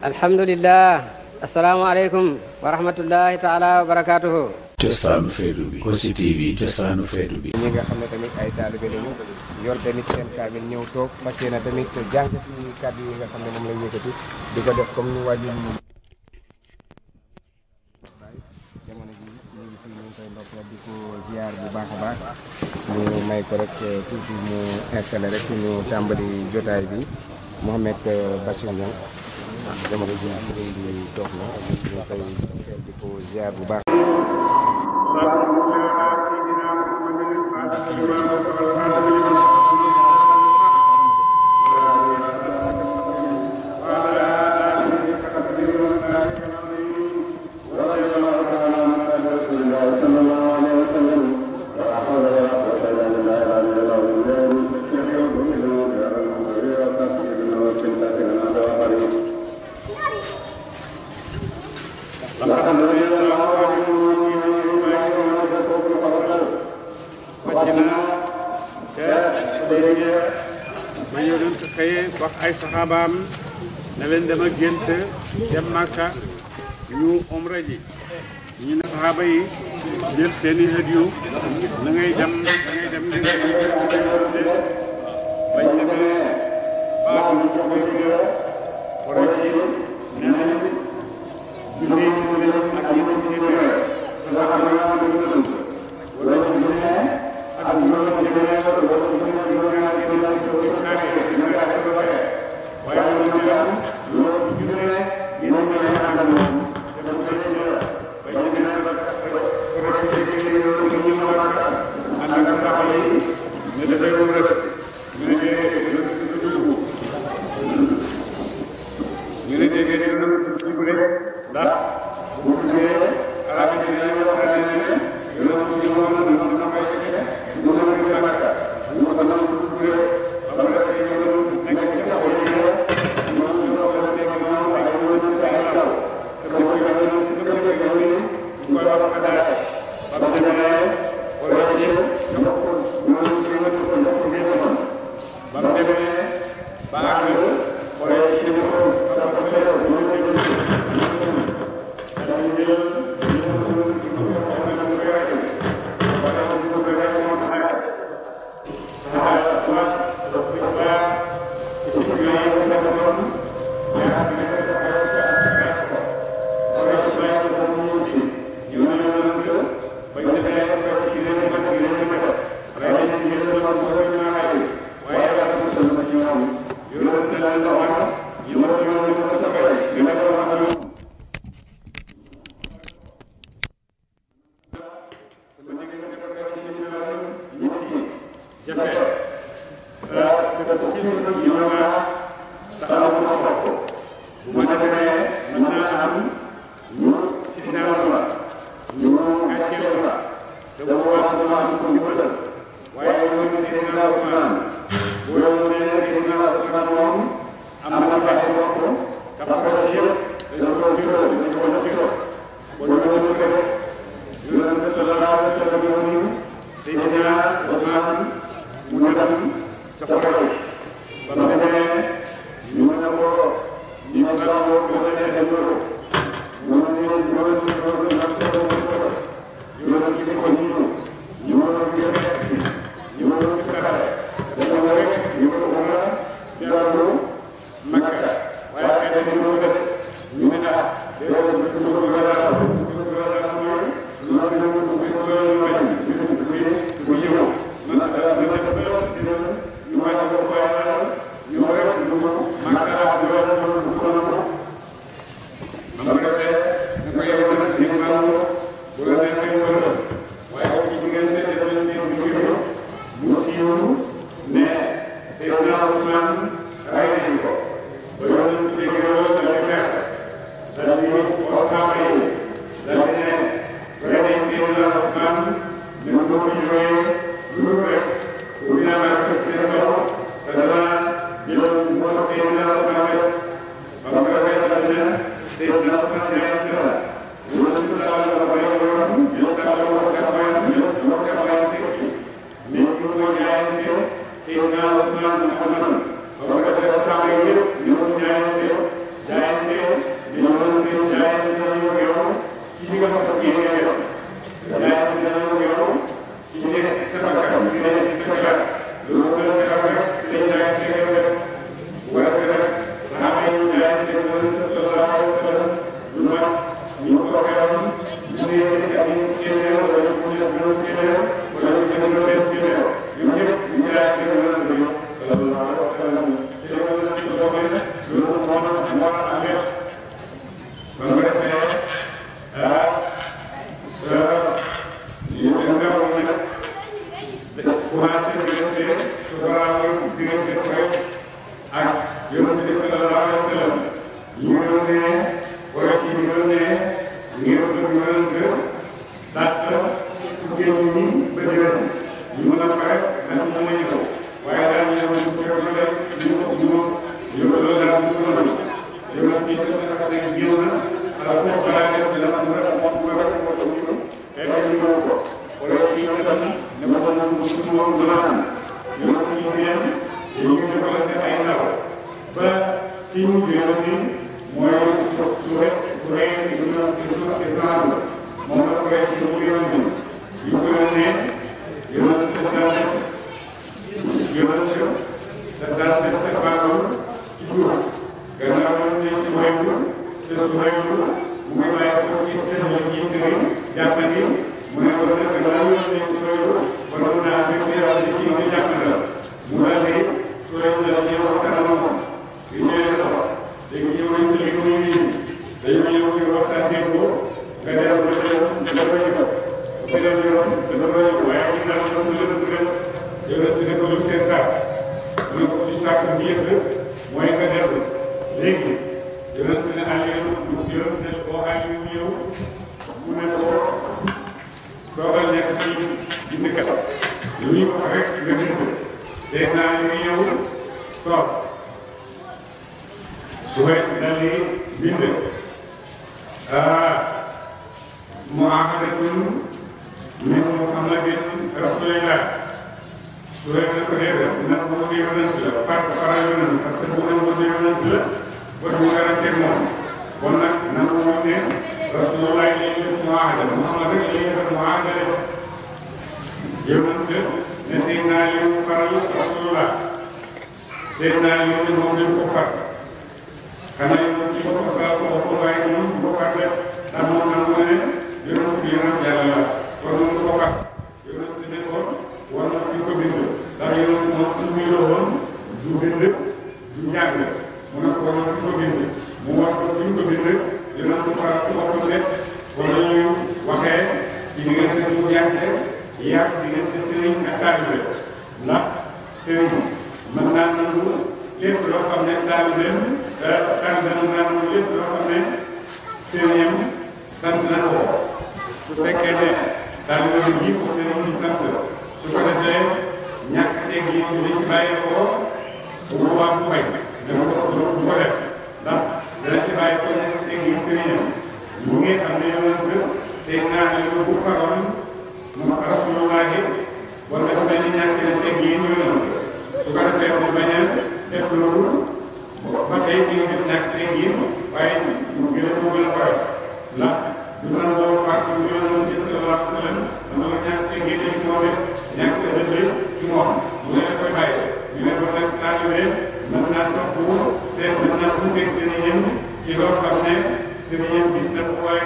الحمد لله السلام عليكم ورحمة الله تعالى وبركاته TV ziar bu jamono ji sëriñ bi toog na ñu koy di ko ziar bu baax ay saxaabaam ne leen dama gént dem Màkka ñu omra ñu ne saxaaba yi jël seeni hadiyu na ngay dem da ngay dem ngeen bañ demee baaxul ko ñu fekk seen i yéen ci loo xam ne seen i yéen gis na ko waaye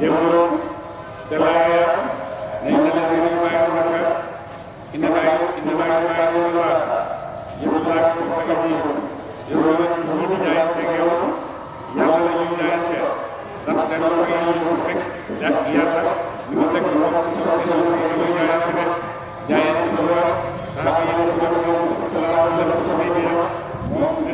يمر سبايا إن الذين يبايعونك إنما إنما يبايعون الله يقول الله فوق أيديهم يقول لهم جاءت يوم يوم يجاءت تحسن أيديهم حك دقيقة لمدة وقت تحسن أيديهم جاءت جاءت الله سبايا يقول لهم الله لم تستطيع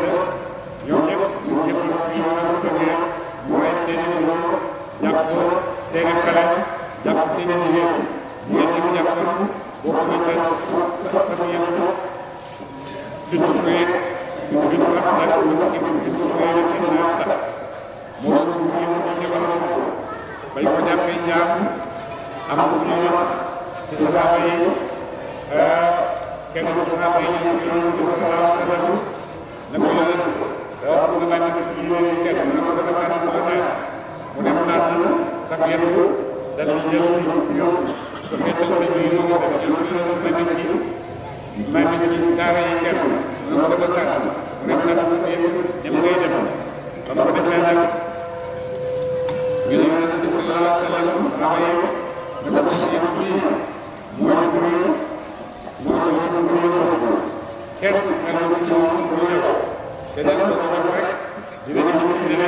seeni xalaat jàpp seeni jigéen jigéen ñi mu jàpp boo ko mën sa sa mu yëngu dund xëy dund dund ak dara mu ngi dund dund xëy na kenn naa dara moo ko mu ñëw ñu ñëwal bañ ko jàppee jaam am na ñu ñëw ci saxaaba yi kenn ci saxaaba yi ñu ngi yoon bi sallallahu alayhi wa sallam ne ko yonent wax nga laaj kenn ne ko dafa laaj la neex mu dem naan sax yëpp dal di jël yóbbu ñetti mbéy mi ñu ngi def yóbbu ñu ngi nekk ci maa ngi ci daara yi kenn mu ngi ko tànn nekk na sax yëpp ngay def ba mu ko defee nag ñu ne yonente bi sallallahu saxaaba yi nga def si yëpp bii mooy ñu tuuti mooy ñu tuuti yóbbu kenn nga doon ci moom bu ñu te dal ko rek dina ci gis dina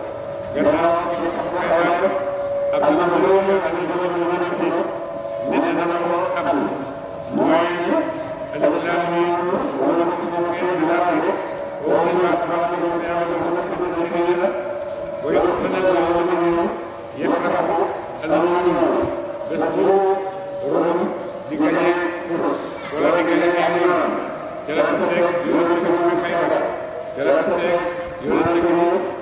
Jalan Pesek, Jalan Pesek, Jalan Pesek, Jalan Pesek,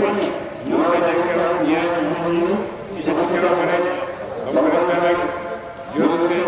gërëm ñoo ngi leen gërëm ñeent ñu ngi ñu ngi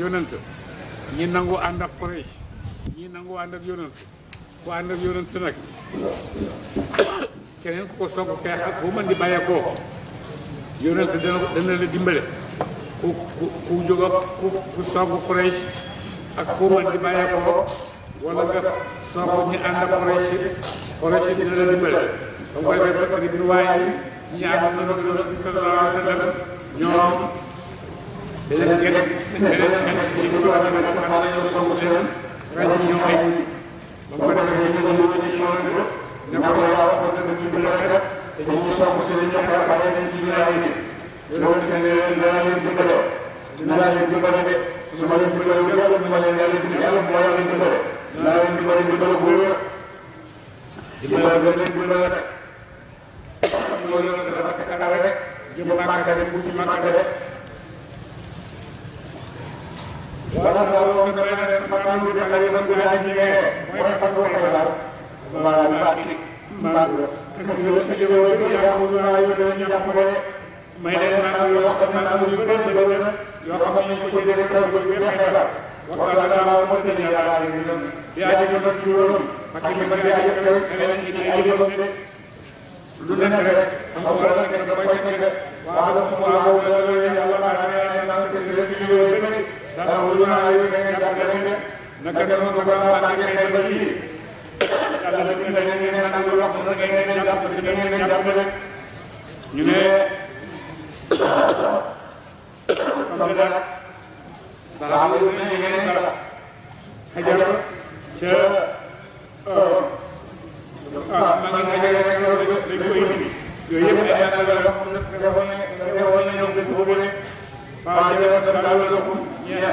yonent ñi nangu ànd ak Quraysh ñi nangu ànd ak yonent ku ànd ak yonent nag keneen ko soog xeex ak fu mën di bàyyeekoo yonent dana la dimbale ku jóg ak ku soog Quraysh ak fu mën di bàyyeekoo wala nga soog ñu ànd ak Quraysh Quraysh dina la dimbale ba mu ko defee ba kër yi ñu waaye ñi ànd ak yonent bi sallallahu alayhi wa sallam ñoom beneen gerte beneen gerte gi ñu doon defee dafa am ay soppamu leen ràññi ñoom ay ba mu ko defee ñu ñu ñu ñu ne ko waaw kon nag ñu ñu joxe dañuy soppamu si ñoom dafa bàyyi leen si ñu laay bi loolu ne leen dana leen dimbaloo dina leen dimbaloo de su ma leen dimbaloo yàlla dina leen yàlla dina yàlla moo yàlla dimbaloo dina leen dimbaloo dimbaloo bu wér dimbaloo gën leen dimbaloo nag loolu dafa takk rek jëm màkk rek bu ci màkk rek ونسألك فضلك خيرا بهديه وتقوى وبارك ما may leen maa ngi wax ak maanaam yu bëri yu bëri yoo xam ne ñu ko jëlee kaw bi bi xëy na wax dëgg yàlla moo gën yàlla yi ñu dem di aji ñu doon juróom parce que man di aji kaw keneen ci di aji doon lu nekk rek xam nga la nekk ba nekk waaw wax dëgg yàlla maa ngi leen naan seen dara wu ñu naan yooyu da ngeen jàppale ne naka noonu naka Mbacke Kaye ba yii yàlla def na da ngeen naan lu wax da ngeen jàpp da ngeen jàppale ñu ne xam nga daal saxaaba yi ne ngeen dara xajar ca ah ma ngi xajar rek dañ koy indi yooyu yëpp ay yàlla la wax ne fekkoon ne fekkoon ne ñoom seen bëgg ne فاجرة لكم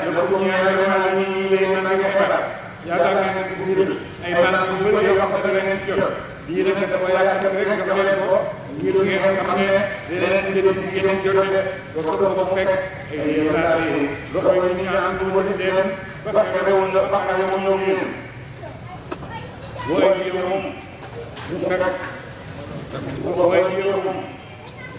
لكم يا إخواني لنا نكبر يا لكن أي ما نقول يوم تدرك lii rek dafa yàgg rek nga leen ko lii ngeen xam ne leneen di leen ngeen jote ba ko ko fekk ay déplacé loxo yi ñu ñaan bu ma si leen ba fexe woon la ba xale woon ñoom yéen waaye ji moom bu fekk waaye ji moom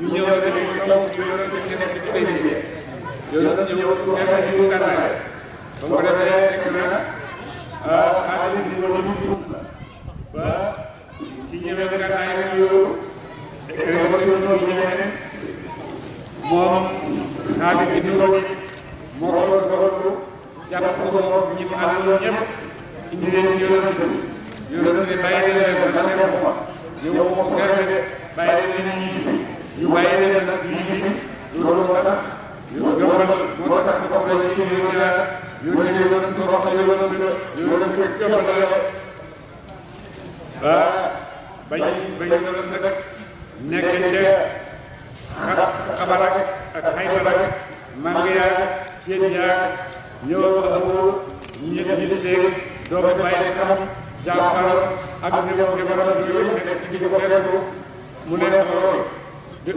ñu ñëw rek ñoom yonent bi nekk ci pénc bi yonent ñëw nekk ci gànnaay ba mu defee nekk na xaalis bi wala mu tuub la ba ci ñëwee gànnaay bi yow fekk na ko ñu ñëwee moom xaalis bi ñu ko moo ko soxla jàpp ko moom ñi mu àndal ñëpp indi leen ci yonent bi yonent bi bàyyi leen leen ko ba ne ko yow moom xeex bàyyi leen nit ñi ñu bàyyi nag ñu ngi gis loolu tax ñu gëmal moo tax ñu soxla ci ñaar ñu ne ñu doon ko wax ba bañ bañ nag nekk ca xabar ak ak xaybar ak màng yaag seen yaag ñëw wax doomu bàyyi xam jaafar ak ñëw jabaram yooyu nekk ci di ko fekk mu nekk loolu lépp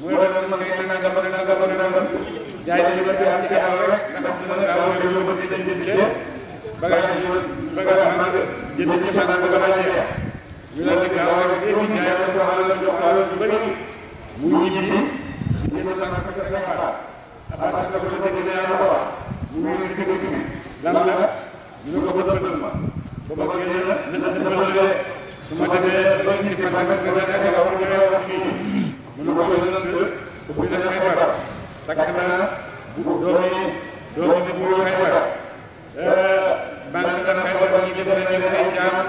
bu la doon mën a nangam ak nangam ak nangam jaay dañu ko def ci àll rek ndax dina ngaa wóor lu bëgg dañ jënd ci bagage yi bagage yi mag jënd ci mag ba gën a jeex ñu la dëgg àll rek léegi jaay ko ko àll jox àll bu bëri mu ñibbi jënd mag ak sa gafaar abbas ak ko dëgg ne yàlla ko wax mu ngi ci dëgg bi lan la ñu ne ko bët bëttal ma ba ma génn na na bëttal su ma demee ba ñu ci fan ak nga nekk ak wax ñu wax fii ñu ko yonent te buñ la koy faral takk naa bu doomi doomi nit ñi koy faral man dina koy faral ñi def nañ leen ay jaam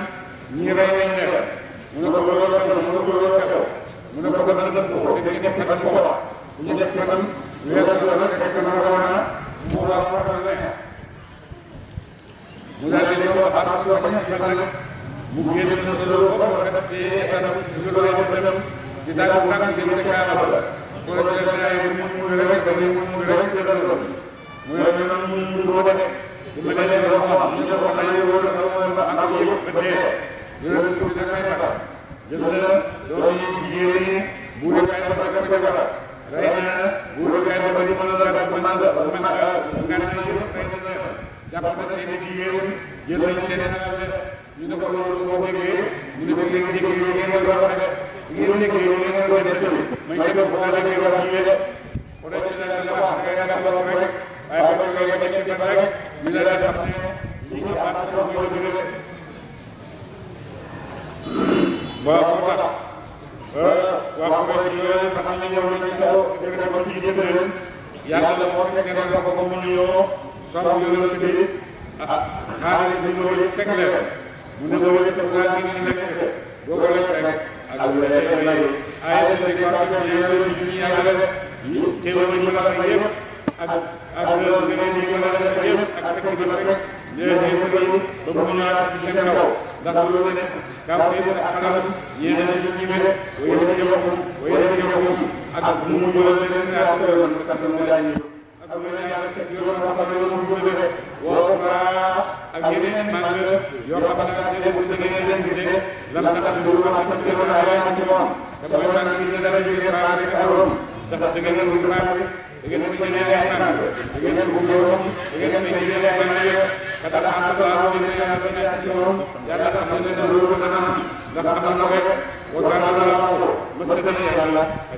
ñi rey nañ leen mu ne ko loolu xew mu ne ko loolu xew mu ne ko ba nga ko ko def ngeen fanam ko bu ñu def fanam weesu la la fekk na ko naa mu war faral leen mu daal di ñëw ba xam ko ñu fan nag mu génn na sa loolu ko ko fekkee état bi si lu lay def daaw tànn jëm ca Kaaba ba. wala jël naa yi mu mu rek ba mu rek ba lool. mu ne ma mu mu ko def. ma ne leen ko xam ñu ne ko ay wóor la ko ma ak yëg ba dee. yonent bi dafay bata. jël na doom yi jigéen yi. bu dee kay ba ko defara. rey na bu dee kay ba di mën a la ba man man ngan na yëpp kay na jàpp na seen i jigéen jël nañ seen ñu ne ko loolu boo déggee ñu ne ko léegi déggee ñu ngeen ko wax rek ngeen liggéey ñu ne ko def tamit may def ko la ngay wax ñu de ko def ci la la wax nga yaa sa bopp rek waaye ko nga ko def ci rek ñu la la tax ne ñi ko pass ko ko ñu de ba ko tax euh wa ko ci yoon fa xam ne yow ñu ko def ko ci jënd leen yàlla la mo seen nga ko ko mu ñu yo sa ñu la ci bi ah xaaral ñu ko fekk leen mu ne ko wala ko ngi nekk do ko la fekk alhamdulilah ayatollah déclaration yàlla lu ñu yàlla teewal ñu mën a am yëpp ak ak gërëm ñu mën a am yëpp ak fekk di fekk léegi xeefar yi ba mu ñëwaat ci seen kaw ndax lu nekk kaw xeef ak xalam yéen a ñu ñime waaye ñu yokku waaye ñu yokku ak mu mu jural leen seen ak ak mu yàlla teg yoon xam ne mu jural woo baax ak yeneen màggal yoo xam naa seetlu bu dëgg yi gis ne lam tax ñu wax ak ci dëgg laa ci moom te mooy màggal yi dara jóge France ak Europe ndax da ngeen ko France da ngeen ko jëlee ay màggal da ngeen ko góorom da ngeen ko jëlee ay màggal kat am na baax ñu ne yàlla ba nekk ci moom yàlla xam na ne loolu dana am ndax am na rek wa kaana laahu masdaran yàlla ak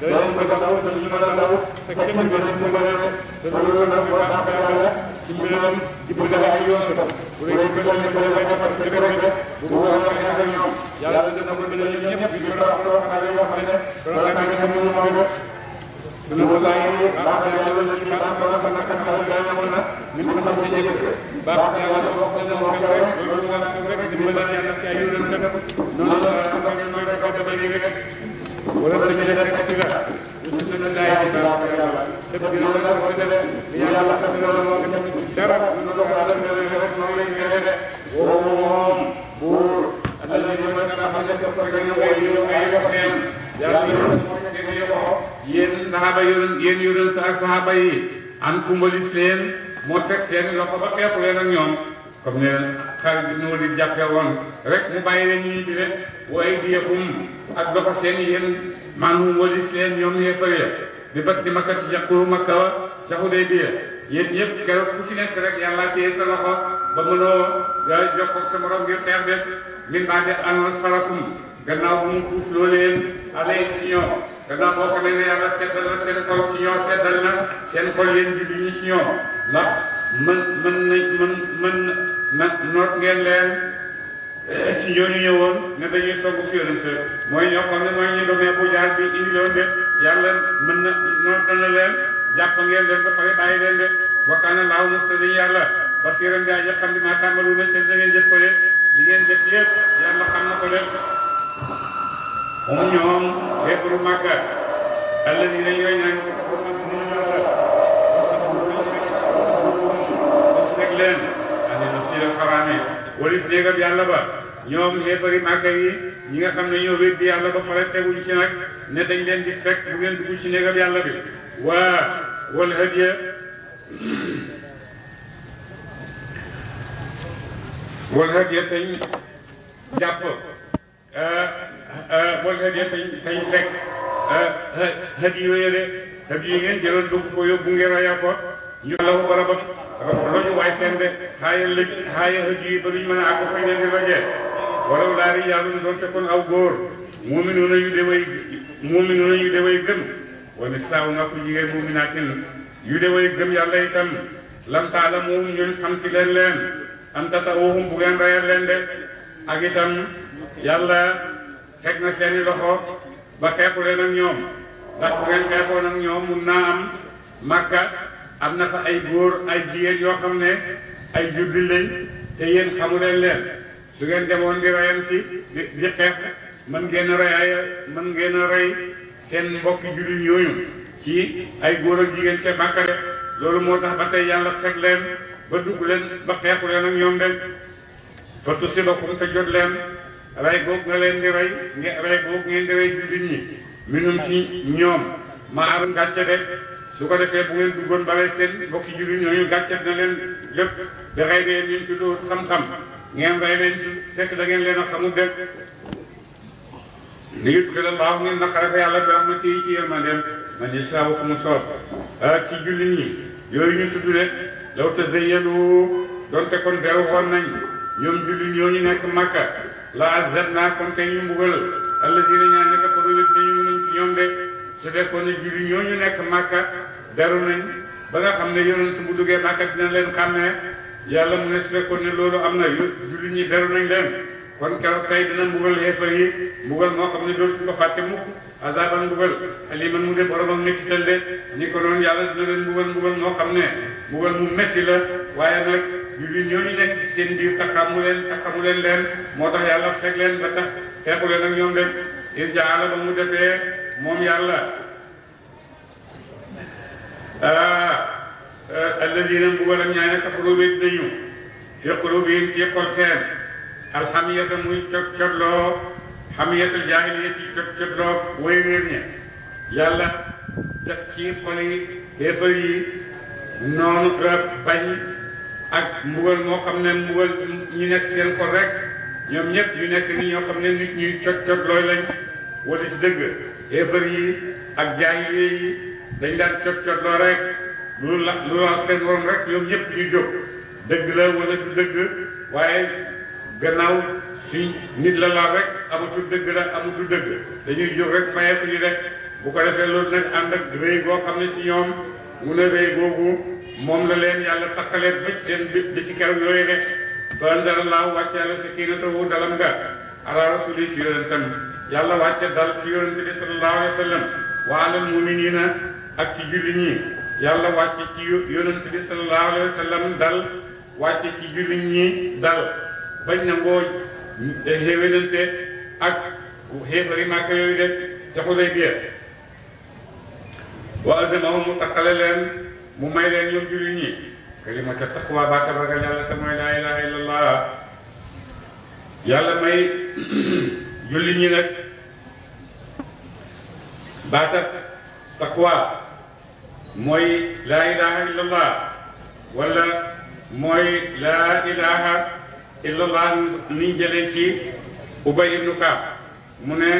dalam yang orang yang mana bahkan yang wala lu ñu def rek ci wet su ñu daay ci baax te bu ñu la ko def yàlla xam na la ko def dara lu ñu ko ala na la rek moom lañ ngay def woo moom buur allah ñu mën na xam ne ko rek ñu way ñu ay waxeen yàlla ñu ko seen yoxo yéen saxaaba yu yéen yu ak saxaaba yi an kumbalis leen moo teg seen loxo ba xeexu leen ak ñoom comme ne xaal bi nu di jàppe woon rek mu bàyyi leen ñuy bi leen waaye diyekum ak doxa seen yéen maanaam walis leen ñoom yee fërie bi bat di makka ci jàquru makka wa ca Hudaybiya yéen ñëpp keroog ku ci nekk rek yàlla téye sa loxo ba mënoo jokkoog sa morom ngir xeex de min baa de anas farakum gannaaw bu mu loo leen alay ci ñoom gannaaw boo xamee ne yàlla seddal la seen xol ci ñoom seddal na seen xol yéen julli ñi ci ñoom mën mën nañ mën mën na noot ngeen leen eh, ci ñooñu ñëwoon ne dañuy song si yonent mooy ñoo xam ne mooy ñu doonee bu jaar bi indi loon de yàlla mën na noot na leen jàpp ngeen leen ba pare bàyyi leen de wakkaana laaw mos nañu yàlla parce que ren gaa xam ne maa tàmbalu na seen da ngeen jëf ko de li ngeen jëf yëpp yàlla xam na ko de moom ñoom xeetu Makka alladina yooyu naan walis néegam yàlla ba ñoom xéefari màkka yi ñi nga xam ne ñoo weddi yàlla ba pare teguñ ci nag ne dañ leen di fekk bu ngeen dugg ci néegam yàlla bi waa wal hadiya wal hadiya tañ euh, euh, wal hadiya tañ tañ fekk euh, hadiya yooyu de hadiya yi ngeen jëloon dugg ko yóbbu ngeen a yàpp ñu la barabam dafa loñu waaye seen de xaaya lëj xaaya hëj yi ba luñ mën a àgg fañ leen di lojee walaw aw góor muminuuna yu deway muminuuna yu deway gëm wa nisaaw na ku jigéen muminaatin yu deway gëm yàlla itam lam taalamuum ñun xam ci leen am tatawuhum bu ngeen rayal leen de ak itam yàlla teg seeni loxo ba xeexu leen ñoom ndax bu ñoom mun am màkka am na fa ay góor ay jigéen yoo xam ne ay juddi lañ te yéen xamuleen leen su ngeen demoon di reyanti di di mën ngeen a rey mën ngeen rey seen mbokki jullit yooyu ci ay góor ak jigéen seen bàkkare loolu moo tax ba tey yàlla feg leen ba dugg leen ba xeexu leen ak ñoom de fottu si boppam te jot leen rey googu leen di rey nge rey googu ngeen di rey jullit ñi minum ci ñoom maa am gàcce de su ko defee bu ngeen duggoon ba wees seen mbokki jullit ñu gàcce na leen lépp da rey leen ci xam-xam ngeen rey leen da ngeen leen a xamul ngeen bi ci ah, ci ñu kon nañ nekk la kon ñu ñaan nekk beru nañ ba nga xam ne yonent mu duggee Màkka dina leen xàmmee yàlla mu ne su fekkoon ne loolu am na yu jullit ñi beru nañ leen kon keroog tey dina mbugal xeefar yi mbugal moo xam ne dootuñ ko fàtte mukk azaban mbugal aliman mu de boromam nekk si tënde ñi ko noonu yàlla dina leen mbugal mbugal moo xam ne mbugal mu metti la waaye nag jullit ñooñu nekk ci seen biir taxamu leen taxamu leen leen moo tax yàlla fekk leen ba tax xeexu leen ñoom de is jaala mu defee moom yàlla alladina mbugalam ñaa ne kafaru wéet nañu fi qulubihim ci xol seen alxamiyata muy cot cotloo xamiyatul jaahiliya ci cot cotloo way réer ña yàlla def ci xol yi xéefar yi noonu bañ ak mbugal moo xam ne mbugal ñu nekk seen xol rek ñoom ñëpp ñu nekk ni ñoo xam ne nit ñuy cot cotlooy lañ wala si dëgg xéefar yi ak jaahiliya yi dañ daan cot cot loo rek lu la lu la seen moom rek ñoom ñëpp ñu jóg dëgg la wala du dëgg waaye gannaaw si nit la la rek amatul dëgg la amatul dëgg dañuy jóg rek fayeeku ñu rek bu ko defee loolu nag ànd ak rëy goo xam ne ci ñoom mu ne rëy googu moom la leen yàlla takkaleet ba seen bi si keroog yooyu rek ba anzala Allaahu wàcce yàlla sakiinatahu dalam nga alaa rasuulihi ci yonentam yàlla wàcce dal ci yonente bi sallallahu alayhi wa sallam wa alal ak ci julli ñi yàlla wàcc ci yonent bi sallallahu alayhi wa dal wàcc ci julli ñi dal bañ na ngoo xéwénante ak xéefari màkk yooyu def ca Xudaybiya wa alzamahum mu taqale leen mu may leen ñoom julli ñi kalimata taqwa baata ragal yàlla te mooy laa ilaha illallah yàlla may julli ñi nag baata taqwa mooy laa ilaha illallah wala mooy laa ilaha illallah niñ jëlee ci ubay ibnu kaab mu ne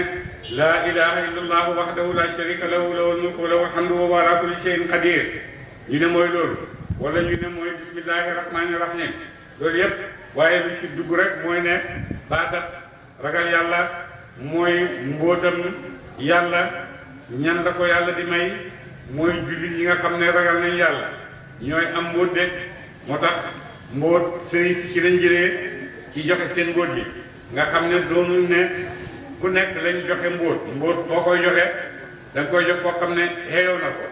laa ilaha illallah waxdahu la sharika lahu lahul mulku wa lahul hamdu wa huwa ala kulli ñu ne mooy loolu wala ñu ne mooy bismillahi rahmani loolu yépp waaye lu ci dugg rek mooy ne baatat ragal yàlla mooy mbóotam yàlla ñan la ko yàlla di may mooy jullit yi nga xam ne ragal nañ yàlla ñooy am mbóot de moo tax mbóot sëriñ si ci lañ jëlee ci joxe seen mbóot yi nga xam ne doomu ne ku nekk lañ joxe mbóot mbóot boo koy joxe da koy jox koo xam ne xeeyoo na ko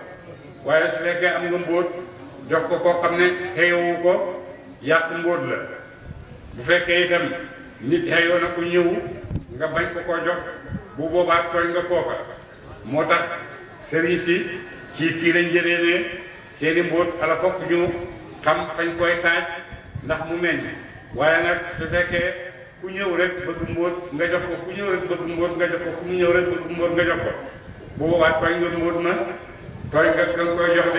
waaye su am nga mbóot jox ko koo xam ne xeeyoowu ko yàq mbóot la bu fekkee itam nit xeeyoo na ko ñëw nga bañ ko koo jox bu boobaa tooñ nga kooka moo tax sëriñ si ci fii lañ jëlee ne seeni mbóot ala fokk ñu xam fañ koy taaj ndax mu meññ waaye nag su fekkee ku ñëw rek ba mbóot nga jox ko ku ñëw rek bëgg mbóot nga jox ko ku mu ñëw rek bëgg mbóot nga jox koy jox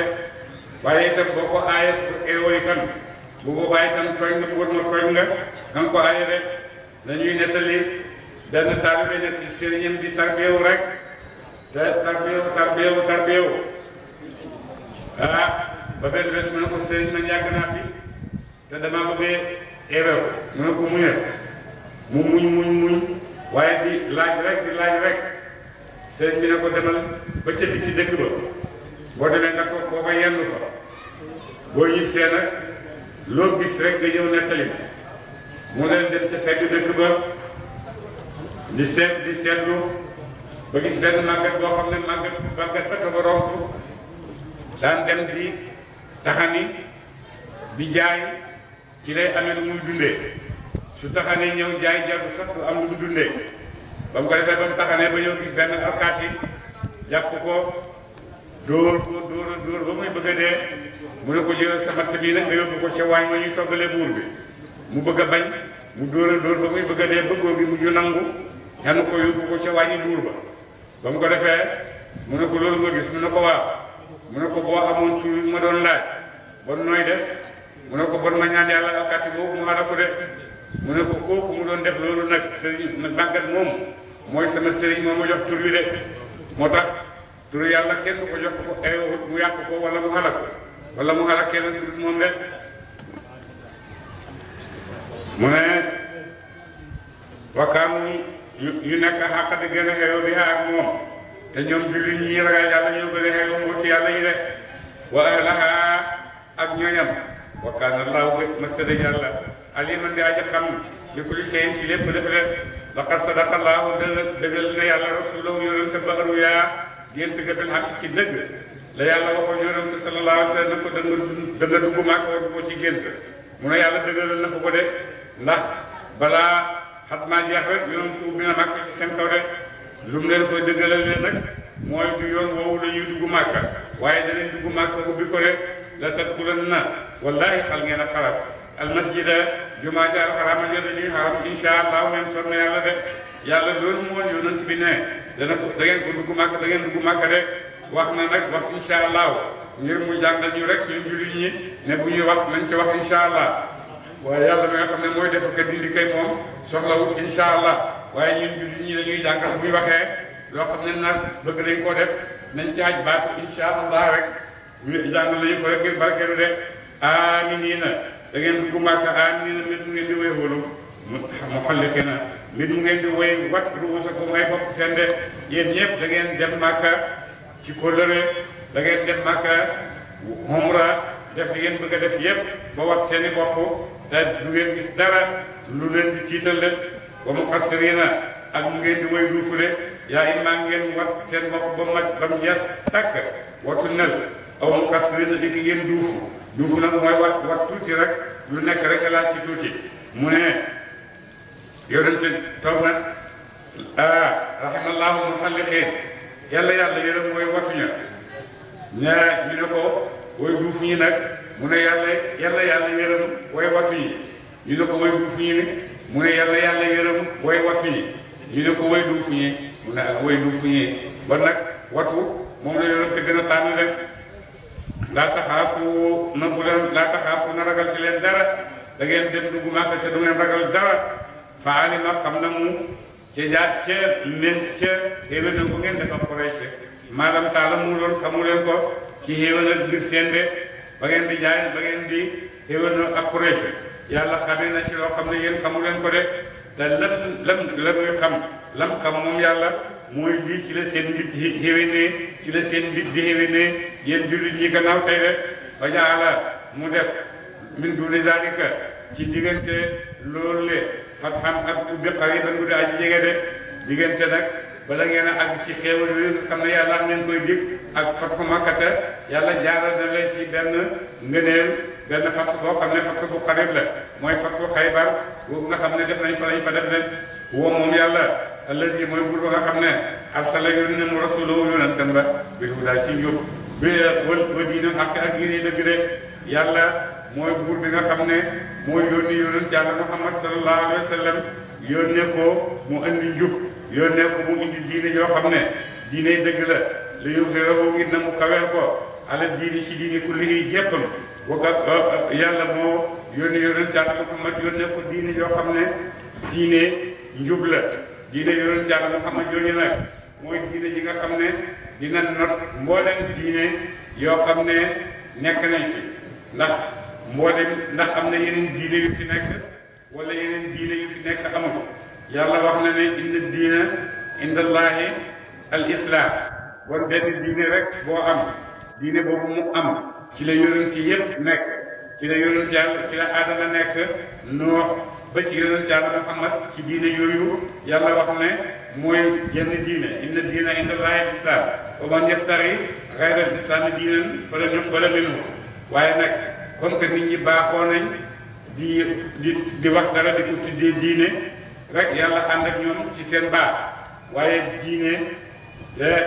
waaye itam ko aayee eewoo itam bu boobaa tooñ nga mbóot ma tooñ nga nga ko aayee rek dañuy nettali benn taalibe nekk ci sëriñam di tarbiyewu rek te tarbiyewu tarbiyewu tarbiyewu ah ba benn bés mu ne ko sëriñ man yàgg naa fi te damaa bëggee eewew mu ne ko muñal mu muñ muñ waaye di laaj rek di laaj rek sëriñ bi ne ko demal ba ca bi dëkk ba boo demee nag ko foofa yendu fa boo ñibbisee nag loo gis rek nga ñëw nettali mu leen dem ca fekk dëkk ba di seet di seetlu ba gis benn màggat boo xam ne màggat màggat fekk ba romb Dan dem di taxani di jaay ci lay amé lu muy dundé su taxanee ñew jaay jaru sax am lu dundé bam ko defé bam taxané ba ñew gis ben alkati japp ko dóor ko dóor a ba muy bëgg dé mu ne ko jël sa matt bii nga yobbu ko ci wañ la ñuy toggalee bi mu bëgg bañ mu dóor a ba muy bëgg dé dee bëggoo mu mujj nangu ñan ko yobbu ko ci wàññi bur ba bam ko defé mu ne ko lolu nga gis mu ne ko waaw mu ne ko boo amoon tur ma doon laaj bon nooy def mu ne ko bon ma ñaan yàlla alkaati boobu mu ala ko de mu ne ko kooku mu doon def loolu nag sëriñ màggat moom mooy sama sëriñ moo ma jox tur bi de moo tax tur yàlla kenn du ko jox ko ayoo mu yàq ko wala mu xalak wala mu xalak kenn du moom de mu ne wakkaam yu nekk xàqati gën a ayoo bi ak moom te ñoom julli ñi ragal yàlla ñoo gën a yomb ci yàlla yi rek wa ahlaha ak ñooñam wa kaana allahu mastade yàlla aliman di aja xam li kulli shay'in ci lépp def leen laqad sadaqa allahu dëggal na yàlla rasulahu yonente ba ruyaa gént ga fil xaq ci dëgg la yàlla waxoon yonente sallallahu alayhi wa sallam na ko danga danga dugg maa ko war ko mu ne yàlla dëggalal na ko ko de balaa xat maa jeex rek yonente ubbi na màkk ci seen rek lu mu leen koy dëggalal leen nag mooy du yoon woowu la ñuy màkka waaye danañ dugg màkka ubbi ko rek la tadxulan na wallaahi xal ngeen a xalaat almasjida jumaa ja alxaraama ja dañuy xaram insha allah men sonn yàlla de yàlla loolu moo yonent bi ne dana ko da ngeen ko dugg màkka da ngeen dugg màkka de wax na nag wax insha allah ngir mu jàngal ñu rek ñun jullit ñi ne bu ñuy wax nañ ci wax insha allah waaye yàlla mi nga xam ne mooy def ak dindi kay moom soxlawul incha allah waaye ñun jullit ñi dañuy jàngal buy waxee loo xam ne nag bëgg nañ koo def nañ ci aj baat incha allah rek jàngal nañu ko rek ngir barkeelu de aminiina da ngeen dugg Màkka aminiina mbir mu ngeen di woy wóolu muxalliqiina mbir mu ngeen di woy wat ruusakum ay bopp seen de yéen ñëpp da ngeen dem Màkka ci kóllëre da ngeen dem Màkka umra def li ngeen bëgg a def yëpp ba wat seen i bopp te du ngeen gis dara lu leen di tiital leen wa muqassirina ak lu ngeen di woy duufule yaa imaam ngeen wat seen bopp ba maj ba mu yas takk watu nel aw muqassirina di ki ngeen duufu duufu nag mooy wat wat tuuti rek lu nekk rek laaj ci tuuti mu ne yonente taw na ah rahimallahu muhalliqin yàlla yàlla yërëm mooy watuña ña ñu ne ko woy duufu ñi nag mu ne yàlla yàlla yàlla yërëm way yi ñu ne ko way duuf ñu ne mu ne yàlla yàlla yërëm way wat yi ñu ne ko way duuf mu ne way duuf ñi nag watu moom la yoroon te gën a rek laa taxaafu na leen laa taxaafu na ragal ci leen dara da ngeen dem dugg Màkka te du ngeen ragal dara fa alima xam na mu ca jaar ca nen ca xéewal na ngeen defal Quraysh maanaam taala mu loon xamu ko ci xéewal ak ngir seen ba ngeen di jaay ba ngeen di xéwénoo ak Quraysh yàlla xamee na ci loo xam ne yéen xamu leen ko de te lam lam lam nga xam lam xam moom yàlla mooy lii ci la seen mbir di xéwénee ci la seen mbir di xéwénee yéen jullit ñi gannaaw tey de ba jaala mu def min duni zalika ci diggante loolu le fatxam ak ubbi xariban bu di aji jege de diggante nag bala ngeen a àgg ci xéewal yooyu nga xam ne yàlla am leen koy dig ak fatku makkata yàlla jaaral na leen ci benn ngëneel benn fatku boo xam ne fatku bu xarib la mooy fatku xaybar boobu nga xam ne def nañ fa lañ fa def ne woo moom yàlla allazi mooy buur ba nga xam ne arsala yónneen rasulahu yónnentam ba bil hudaa ci njub bi wal wa diinal haqq ak diine dëgg bi nga xam ne mooy yónni yónnent yàlla muhammad sallallahu alayhi wa sallam mu andi njub yoo ko mu indi diine yoo xam ne diine dëgg la li ñu xew ngir ne mu kaweel ko ala diini ci diini ku liggéey jéppam wagga yàlla moo yónnee yonent yàlla Muhammad yónnee xam ne diine njub la diine yonent yàlla Muhammad jooju nag mooy diine ji xam ne dina not mboolem diine yoo xam ne nekk nañ fi ndax mboolem ndax am na yeneen diine yu fi nekk wala yeneen diine yu fi nekk amul yàlla wax na ne inna diina indallaahi al islaam bon benn diine rek boo am diine boobu mu am ci la yonent yépp nekk ci la yonent yàlla ci la aadama nekk noox ba ci yonent yàlla muhammad ci diine yooyu yàlla wax ne mooy jenn diine inna diina indallaahi al islaam wa man yabtari gayra al islaami diinan falan yuqbala minhu waaye nag comme que nit ñi baaxoo nañ di di di wax dara di ko tuddee diine rek yàlla ànd ak ñoom ci seen baax waaye diine eh,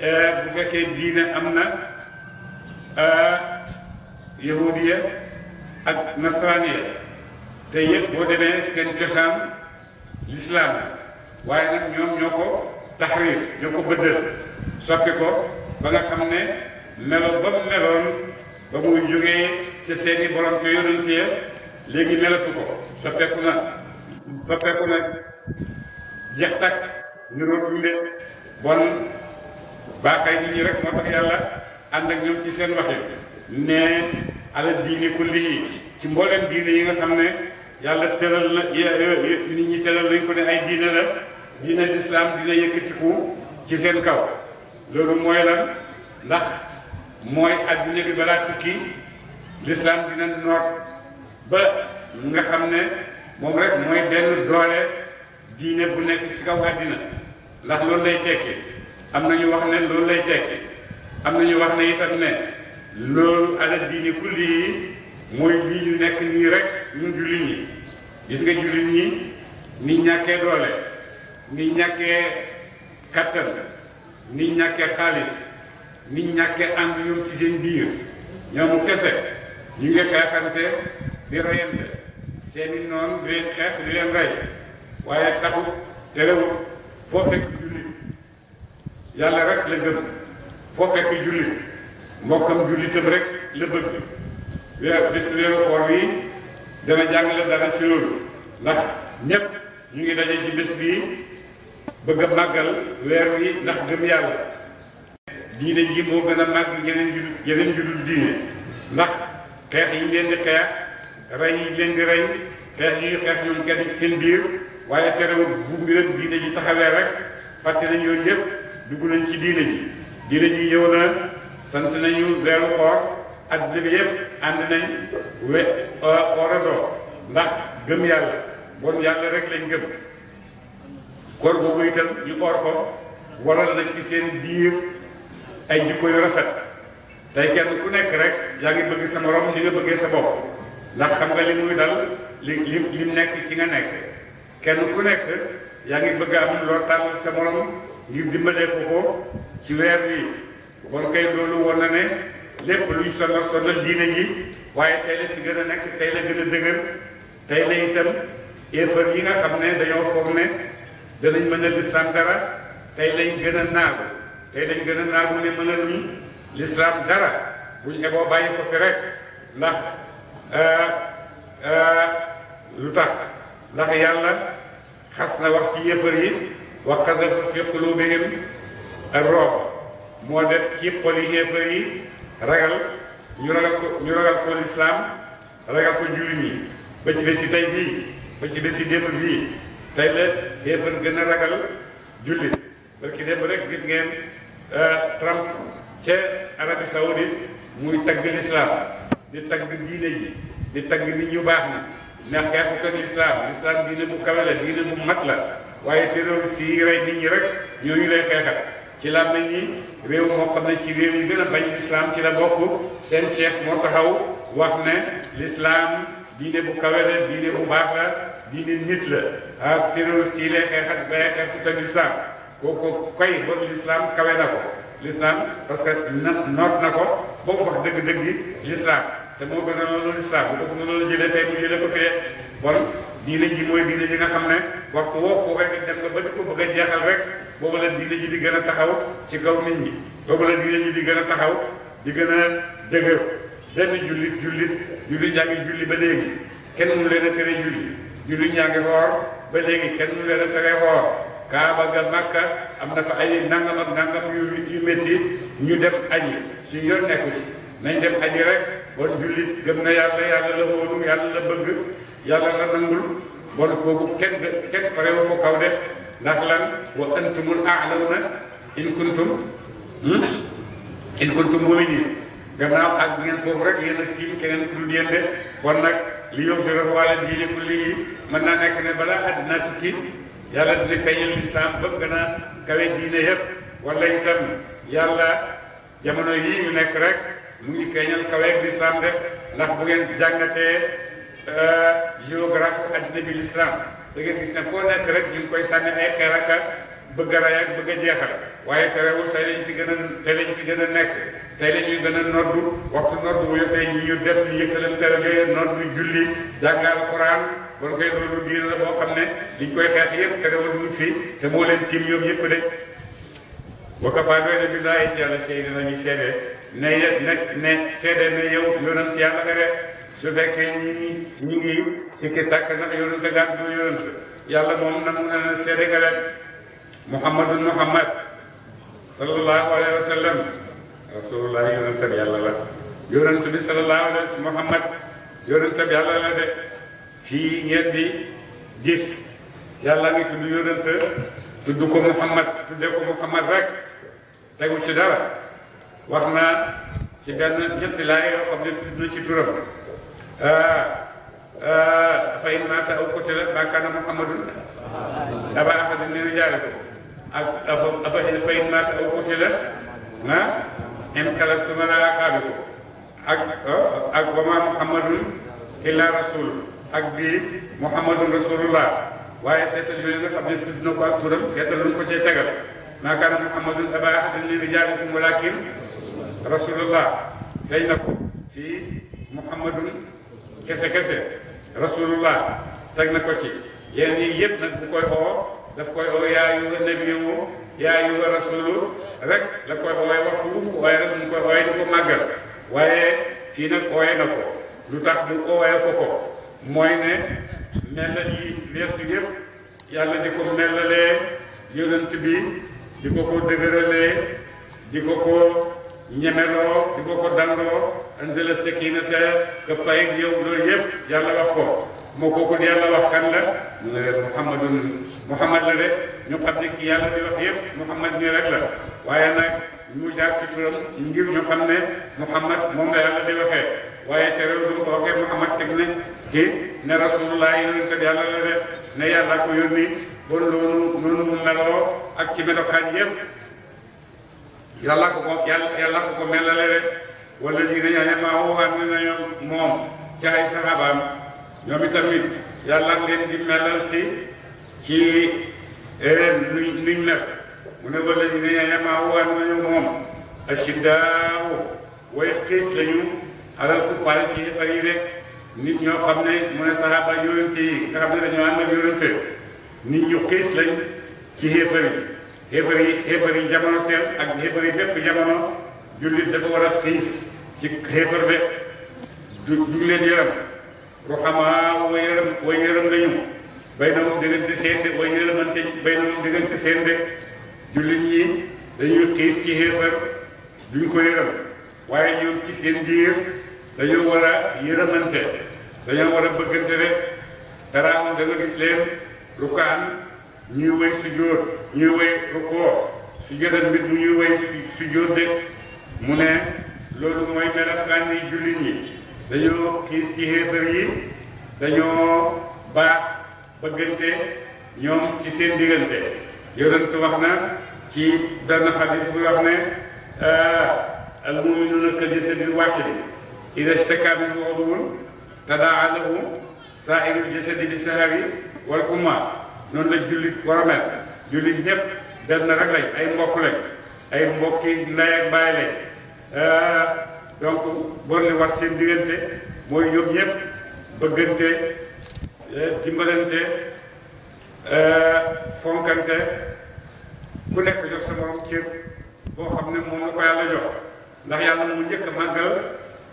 eh, bu fekkee diine am na eh, yahudiya ak nasraniya te yëpp boo demee seen cosaan lislaam waaye nag ñoom ñoo ko taxriif ñoo ko bëddal soppi ko ba nga xam ne melo ba mu meloon ba muy jógee ca seeni borom ca yonent léegi melatu ko soppeeku na soppeeku na jeex takk niroo bon baaxaay nit ñi rek moo tax yàlla ànd ak ñoom ci seen waxin ne ala diine ku lii ci mbooleem diine yi nga xam ne yàlla tëral na nit ñi tëral nañ ko ne ay diine la diine lislaam dina yëkkatiku ci seen kaw loolu mooy lan ndax mooy addina bi balaa tukki lislaam dina noot ba nga xam ne moom rek mooy benn doole diine bu nekk ci kaw àddina ndax loolu lay tekki am na ñu wax ne loolu lay tekki am na ñu wax ne itam ne loolu ala diini kulli yi mooy lii ñu nekk nii rek ñun jullit ñi gis nga jullit ñi ni ñàkkee doole ni ñàkkee kattan ni ñàkkee xaalis ni ñàkkee ànd ñoom ci seen biir ñoomu kese ñu ngi kaakante di reyante seeni noon di leen xeex di leen rey waaye taxut terewul foo fekk jullit yàlla rek la gëm foo fekk jullit mbokkam jullitam rek la bëgg weer bis weeru koor wi dana jàngale dara ci loolu ndax ñépp ñu ngi daje ci bés bii bëgg a màggal weer wi ndax gëm yàlla diine ji moo gën a màgg yeneen ju yeneen diine ndax xeex yi ngeen di xeex rey yi leen di rey xeex ñuy xeex ñoom kenn seen biir waaye terewul bu mbiram diine ji taxawee rek fàtte nañ yooyu yëpp dugg nañ ci diine ji diine ji ñëw na sant nañu weeru koor adduna bi yëpp ànd nañ we oradoo ndax gëm yàlla bon yàlla rek lañ gëm koor boobu itam ñu oor ko waral nañ ci seen biir ay jikko yu rafet tey kenn ku nekk rek yaa ngi bëgg sa morom ni nga bëggee sa bopp ndax xam nga li muy dal li li li nekk ci nga nekk kenn ku nekk yaa ngi bëgg am loo tàll sa morom ngir dimbalee ko ci weer wi bon kay loolu woon na ne lépp luñ sonal sonal diine yi waaye tey la fi gën a nekk tey la gën a dëgër tey la itam effort yi nga xam ne dañoo foog ne danañ mën a lislaam dara tey lañ gën a naagu tey lañ gën a naagu ne mën a luñ lislaam dara buñ egoo bàyyi ko fi rek ndax Euh, euh, lu tax ndax yàlla xas na wax ci yëfër yi wa qazafa fi qulubihim ar-ru'b moo def ci xoli yëfër yi ragal ñu ragal ko ñu ragal ko lislaam ragal ko jullit ñi ba ci bési tey bii ba ci bési démb bii tey la yëfër gën a ragal jullit barki démb rek gis ngeen euh, Trump ca Arabie Saoudite muy tagg lislaam di tagg diine ji di tagg nit ñu baax na ne xeexukat lislaam lislaam diine bu kawe la diine bu mat la waaye terroriste yi rey nit ñi rek ñooñu lay xeexal ci la mel ni réew moo xam ne ci réew yi gën a bañ lislaam ci la bokk seen seex moo taxaw wax ne lislaam diine mu kawe la diine bu baax la diine nit la ak terroriste yi lay xeexal bay xeexutak lislaam kooku kay bon lislaam kawe na ko l'islam parce que na noot na ko boobu wax dëgg-dëgg yi l'islam te moo gën a loolu l'islam bu ko mënoon a jëlee tey mu jëlee ko fi de bon diine ji mooy diine ji nga xam ne waxtu woo ko rek dem nga ba di ko bëgg a jeexal rek boobu la diine ji di gën a taxaw ci kaw nit ñi boobu la diine ji di gën a taxaw di gën a dëgër benn jullit jullit jullit yaa ngi julli ba léegi kenn mënu leen a tere julli jullit yaa ngi xoor ba léegi kenn mënu leen tere xoor kaaba ga makka am na fa ay nangama ak nangam yu yu métti ñu dem aji suñu yoon nekku ci nañ dem aji rek bon jullit gëm na yàlla yàlla la wóolu yàlla la bëgg yàlla la nangul bon kooku kenn kenn farewu ko kaw de wa antumul a'lawna in kuntum hmm? in kuntum mu'minin gannaaw ak ngeen foofu rek yéen a tiim keneen dul yéen de kon li yom si rek wala diine ku lii mën na nekk ne balaa àddina tukki yàlla dina feeñal lislaam ba mu gën a kawe diine yëpp wala itam yàlla jamono yii ñu nekk rek mu ngi feeñal kaweeg lislaam rek ndax bu ngeen jàngatee euh, géographie addina bi lislaam da ngeen gis ne foo nekk rek ñu ngi koy sànni ay xeer ak bëgg a rey ak bëgg a jeexal waaye terewul tey lañ fi gën a tey fi gën a nekk tey la gën a noddu waxtu noddu bu yëpp tey ñu dem yëkkalante rajo noddu julli jàngal Quraan kon koy loolu diine la boo xam ne liñ koy xeex yëpp terewul mu fi te moo leen tiim ñoom yëpp de wa kafaa doy na billaahi si yàlla seede nañu seede ne ne ne seede ne yow yonent si yàlla nga de su fekkee ñi ñu ngi sikki sàkk nag yonent a gaat yonent yàlla moom nag mu nga de muhammadun muhammad sallallahu alayhi wa sallam rasulullah yonentab yàlla la yonent bi sallallahu alayhi wa sallam muhammad yonentab yàlla la de fii ngeen di gis yàlla ngi tudd yónnante tudd ko Muhammad tudde ko Muhammad rek tegu ci dara wax na ci benn ñetti laay yoo xam ne tudd na ci turam euh, euh, dafa in maata aw qutila ma kaana Muhammadun aba ahadin min rijaalikum ak fa in maata aw qutila ah inqalabtum alaa aqaabikum ak oh, ak wa maa Muhammadun illa rasul ak bi muhammadun rasulullah waaye seetal yooyu nga xam ne tudd na ko ak turam seetal lu ko cay tegal maa kaana muhammadun aba ahadin min rijaalikum walakin rasulullah feeñ na ko fii muhammadun kese kese rasulullah teg na ko ci yéen ñii yëpp nag bu koy oo daf koy oo yaa ayyuha nabiyyu rasulu rek la koy ooye waxtu waaye rek mu koy ooye di ko màggal waaye fii nag ooye na ko lu tax du ooye ko ko moyne ne yi weesu yeb yalla diko melale mellalee yonent bi diko ko degeerale diko ko ñemelo diko ko dando dandoo sekinata sakinata fay yow loolu yeb yalla wax ko mo ko kooku yalla wax kan la muhammadun muhammad la de ñu xam ki yalla di wax yeb muhammad ni rek la waye nak mu jaar ci turam ngir ñu xam ne Muhammad moom la yàlla di waxee waaye te rew su ko waxee Muhammad teg ne ci ne rasulullah ko yàlla la def ne yàlla ko yónni bon loolu noonu mu meloo ak ci melokaan yëpp yàlla ko ko yàlla ko ko melale rek wala si ne ñaane maa waxaat ne na ñoom moom ci ay saxaabaam ñoom itamit yàlla leen di melal si ci nuñ nuñ mel mu ne wala ñu ne ñaane maa waan nañu moom ashiddaaw way xiis lañu alal kufaar ci xar yi rek nit ñoo xam ne mu ne saxaaba yonente yi nga xam ne dañoo ànd ak yonente nit ñu xiis lañ ci xéefar yi xéefar yi xéefar yi ak xéefar yi bépp jamono jullit dafa war a xiis ci xéefar be du ñu leen yaram ruxamaa way yaram way yaram lañu bay na moom diggante seen de way jullit ñi dañuy xiis ci xéefar duñ ko yërëm waaye ñoom ci seen biir dañoo war a yërëmante dañoo war a bëggante rek dara am gis leen rukaan ñuy way sujjóot ñuy way rukkoo sujjóotal mbir mu ñuy way sujjóot de mu ne loolu mooy melokaan ni jullit ñi dañoo xiis ci xéefar yi dañoo baax bëggante ñoom ci seen diggante yonent wax na ci benn xadis bu wax ne al muminuuna ka jasadil waaxidi ida ishtaka minhu udwun tadaa lahu saa'irul jasadi bi sahawi wal kumma noonu la jullit war jullit ñëpp benn rek ay mbokk lañ ay mbokki ndey ak baay lañ donc bor mooy ñoom ñëpp bëggante dimbalante Euh, fonkante ku nekk jox sa morom cër boo xam ne moom la ko yàlla jox ndax yàlla mu njëkk a màggal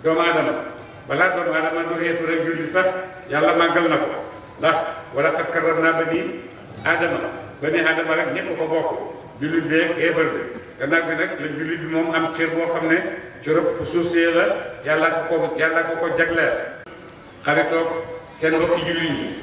doomu aadama balaa doomu aadama du yeesu julli sax yàlla màggal na ko ndax wala qad karramnaa banii aadama banii aadama rek ñëpp ko bokk jullit bee xeebar bi gannaaw gi nag la jullit bi moom am cër boo xam ne cërëb suusee la yàlla ko ko yàlla ko ko jagleel xaritoog seen mbokki jullit yi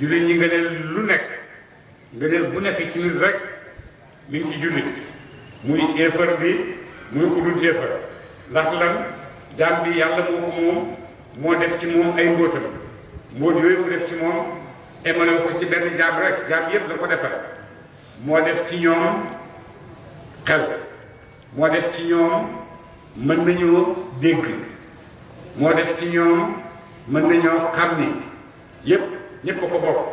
jullit ñi ngëneel lu nekk ngëneel bu nekk ci nit rek mi ngi ci jullit muy éefar bi muy ko dul éefar ndax lan jaam bi yàlla moo ko moom moo def ci moom ay mbóotam mbóot yooyu mu def ci moom émale ko ci benn jaam rek jaam yépp la ko defal moo def ci ñoom xel moo def ci ñoom mën nañoo dégg moo def ci ñoom mën nañoo xam ni yépp ñépp ko bokk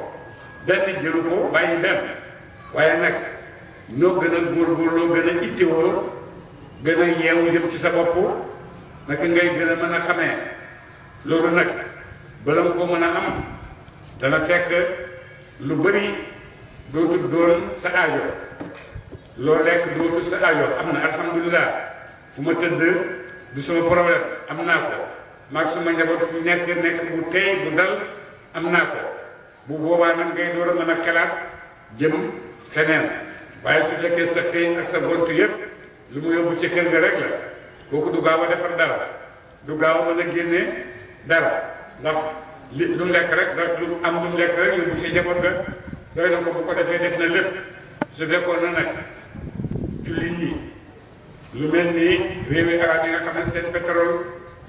benn jëru ko bàyyi benn waaye nag noo gën a góorgóorloo gën a ittewoo gën a yeewu jëm ci sa bopp naka ngay gën a mën a xamee loolu nag bala nga ko mën a am dana fekk lu bari dootul doon sa aajo loo lekk dootul sa aajo am na alhamdulilah fu ma tëdd du sama problème am naa ko maag suma njaboot fu nekk nekk bu tey bu dal am naa ko bu boobaa nag ngay door a mën a xelaat jëm feneen waaye su fekkee sa xëy ak sa gont yépp lu mu yóbbu ci kër nga rek la kooku du gaaw a defar dara du gaaw a mën a génnee dara ndax li lu lekk rek ndax lu am lu mu lekk rek yóbbu si njaboot nga doy na ko bu ko defee def na lépp su fekkoon na nag jullit ñi lu mel ni réewi arab yi nga xam ne seen pétrole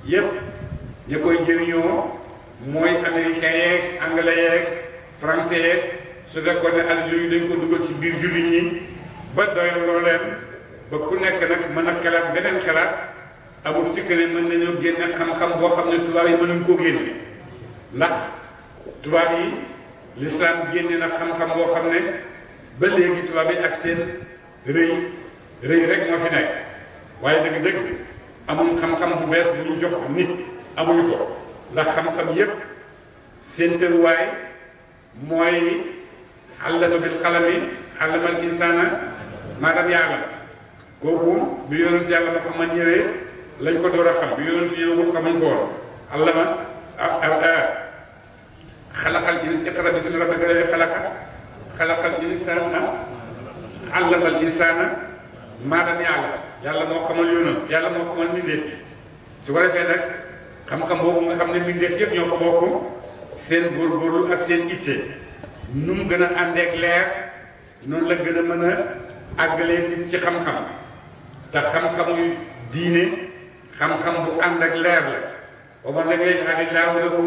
yépp ñi koy jëriñoo mooy américain yeeg anglais yeeg français yeeg su fekkoon ne alal yooyu dañ ko dugal ci biir jullit ñi ba doyal loo leen ba ku nekk nag mën a xalaat beneen xalaat amul sikk ne mën nañoo génne xam-xam boo xam ne tubaab yi mënuñ koo génne ndax tubaab yi l'islam génne na xam-xam boo xam ne ba léegi tubaab yi ak seen rëy rëy rek moo fi nekk waaye dëgg-dëgg amuñ xam-xam bu bees bu ñu jox nit amuñ ko. ndax xam-xam yépp seen tëruwaay mooy allama bil qalami allamal insaana maanaam yàlla kooku bi yonent yàlla Muhammad ñëwee lañ ko door a xam bi yonent ñëwagul xamuñ ko woon allama xalaqal jinsa iqra bismi rabbika alladi xalaqa xalaqal insaana allamal insaana maanaam ya'lam yàlla moo xamal yonent yàlla moo xamal mbindeef yi su ko defee nag xam-xam boobu nga xam ne mbindeef yëpp ñoo ko bokk seen góorgóorlu ak seen itte nu gën a àndeek leer noonu la gën a mën a àggalee nit ci xam-xam te xam-xamu diine xam-xam bu ànd ak leer la wa man lam yaj'al illaahu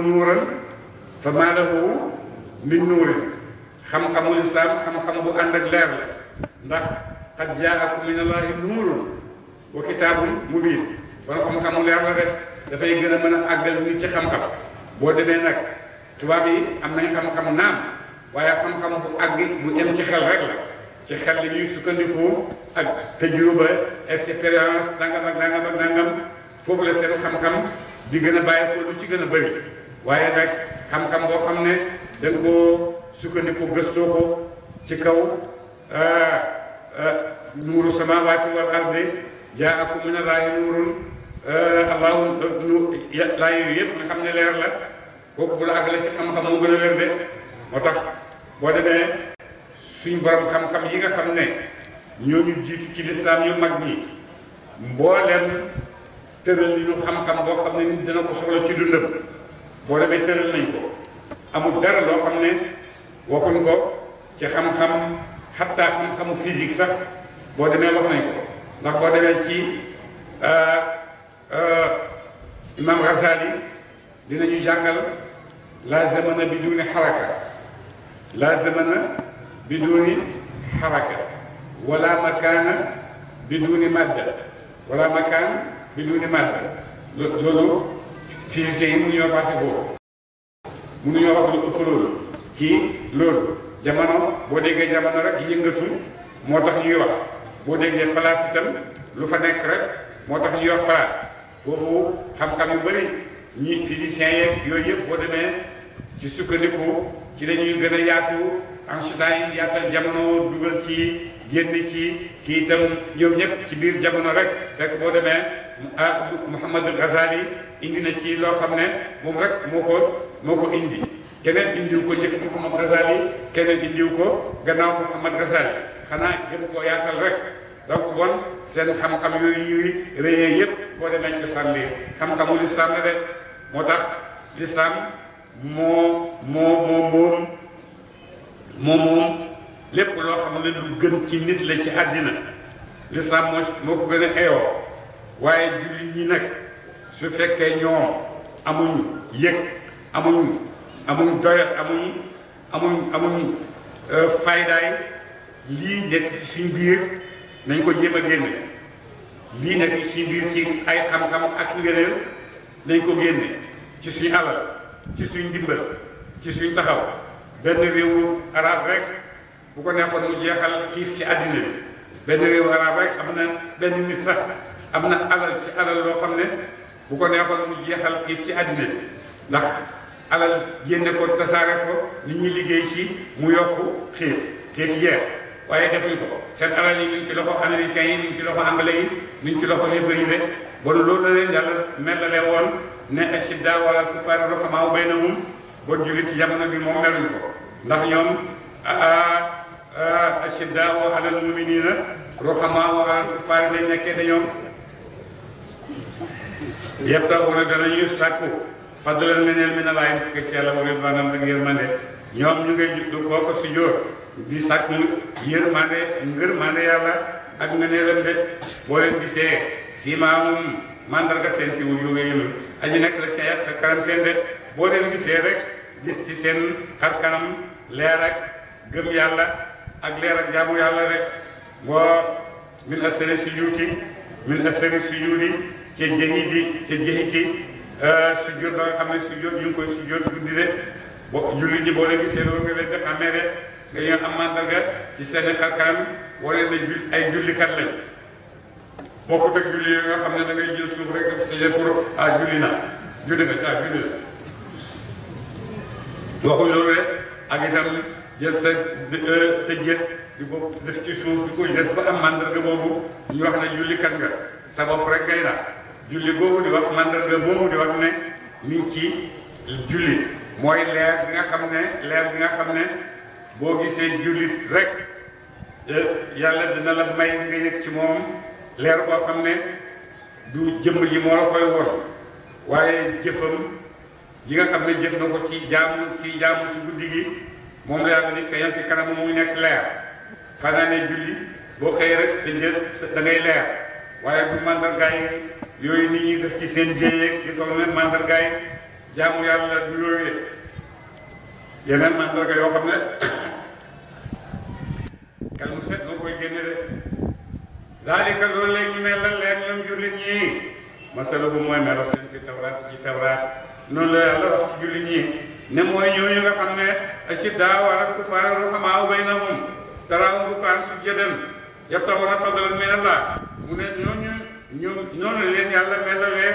xam-xamul islaam ak leer la ndax qad jaakum min allaahi nuurun wa kitaabun mubiin kon xam-xamu leer la rek dafay gën a mën a àggal nit ci xam-xam boo demee nag tubaab yi am nañ xam-xam naam waaye xam-xam bu àgg bu yem ci xel rek la ci xel li ñuy sukkandiku ak tëjuba expérience dangam ak dangam ak dangam foofu la seen xam-xam di gën a bàyyi ko lu ci gën a bëri waaye nag xam-xam boo xam ne dañ koo sukkandiku gëstoo ko ci kaw ah, ah, nuuru samaawaati wal ardi jaa akum min allaahi nuurun Euh, allahum nu laa yooyu yëpp nga xam ne leer la kooku bu la àggale ci xam-xam moo gën a leer de moo tax boo demee suñ borom xam-xam yi nga xam ne ñooñu jiitu ci lislaam yu mag ñi mbooleem tëral ñu xam-xam boo xam ne nit dina ko soxla ci dundam boo demee tëral nañ ko amul dara loo xam ne waxuñ ko ci xam-xam xatta xam-xamu physique sax boo demee wax nañ ko ndax boo demee ci euh, Euh, imam Ghazali dinañu jàngal la zamana bi duni xaraka la zamana bi duni xaraka wala makaana bi duni madda wala makaan bi duni madda loolu physiciens yi mënuñoo passé boobu mënuñoo wax lu ëpp loolu ci loolu jamono boo déggee jamono rek yëngatu moo tax ñuy wax boo déggee place itam lu fa nekk rek moo tax ñuy wax place foofu xam-xam yu bëri ñi physiciens yooyu yëpp boo demee ci sukkandiku ci lañuy ñuy gën a yaatu enchaînement yaatal jamono dugal ci génn ci kii itam ñoom ñëpp ci biir jamono rek fekk boo demee ah Mouhamadou Ghazali indi na ci loo xam ne moom rek moo ko moo ko indi keneen indiw ko njëkk Mouhamadou Ghazali keneen indiw ko gannaaw Mouhamadou Ghazali xanaa gën koo yaatal rek. donc bon seen xam-xam yooyu ñuy réyee yëpp boo nañ ci sànni xam-xamu lislaam la de moo tax lislaam moo moo moom moom lépp loo xam ne lu gën ci nit la ci àddina lislaam moo moo ko gën a ayoo waaye jullit ñi nag su fekkee ñoom amuñ yëg amuñ amuñ doyat amuñ amuñ amuñ euh, faydaay lii nekk suñ biir nañ ko jéem a génne lii nag ci biir ci ay xam-xam ak ngëneel nañ ko génne ci suñu alal ci suñu ndimbal ci suñu taxaw benn réewu arab rek bu ko nekkoon mu jeexal xiif ci àddina bi benn réewu am na benn nit na alal ci alal loo xam ne bu ko nekkoon mu jeexal xiif ci àddina ndax alal génne ko tasaare ko nit ñi liggéey ci mu yokk xiif xiif jeex waaye defuñ ko ko seen alal yi ñu ci loxo américains yi ñu ci loxo anglais yi ñu ci loxo yëpp yi de bon loolu la leen yàlla melale woon ne ashidda wala kufaar roxamaaw baynahum bon jullit ci jamono bi moom meluñ ko ndax ñoom ashidda wa alal muminina roxamaaw wa alal kufaar lañ nekkee dañoo yëpp taw na danañu sàkku fadlan meneen mi na laay fekk ci yàlla wa ridwaanam ak yërmande ñoom ñu ngay juddu kooku si jóor di sàkku yërmande ngërmande yàlla ak ngëneelam de boo leen gisee siimaamum mandarga seen si wuñ lu wéyul aji nekk la ca xar kanam seen de boo leen gisee rek gis ci seen xar kanam leer ak gëm yàlla ak leer ak jaamu yàlla rek boo min asari sujuuti min asari sujuudi ca jeexiti ca jeexiti euh, sujjóot ba xam ne sujjóot ñu ngi koy sujjóot guddi de bo jullit ñi boo leen gisee loolu nga leen dañoo am mandarga ci seen xarkanam wala na jul ay jullikat lañ bokkut ak julli yooyu nga xam ne da ngay jël suuf rek def sujjóot pour ah julli na julli nga ah julli la waxuñ loolu rek ak itam jël sa euh, sa jët di ko def ci suuf di ko def ba am mandarga boobu ñu wax ne jullikat nga sa bopp rek ngay nax julli boobu di wax mandarga boobu di wax ne mi ngi ci julli mooy leer bi nga xam ne leer bi nga xam ne bo gisee julit rek eh, yàlla dina la may nga yëg ci moom leer boo xam ne du jëmm ji moo la koy wol waaye jëfam yi nga xam ne jëf na ko ci jaamu ci jaamu ci guddi gi moom la yàlla di feeñal ci kanam mu nekk leer fanaane julli boo xëyee rek sa njël da ngay leer waaye bu màndargaay yooyu nit ñi def ci seen jéyeeg di sol ne màndargaay jaamu yàlla du yooyu yeneen mandarga yoo xam ne xel mu set nga koy génne de daalika loolu la ñu mel la leen ñoom jullit ñi masaluhum mooy melo seen ci tawraat ci tawraat noonu la yàlla wax ci ñi ne mooy ñooñu nga xam ne ashiddaa'u alal kuffaari ruhamaa'u baynahum taraahum rukkaan sujjadan yabtaxuuna fadlan min Allah mu ne ñooñu ñoom noonu leen yàlla melalee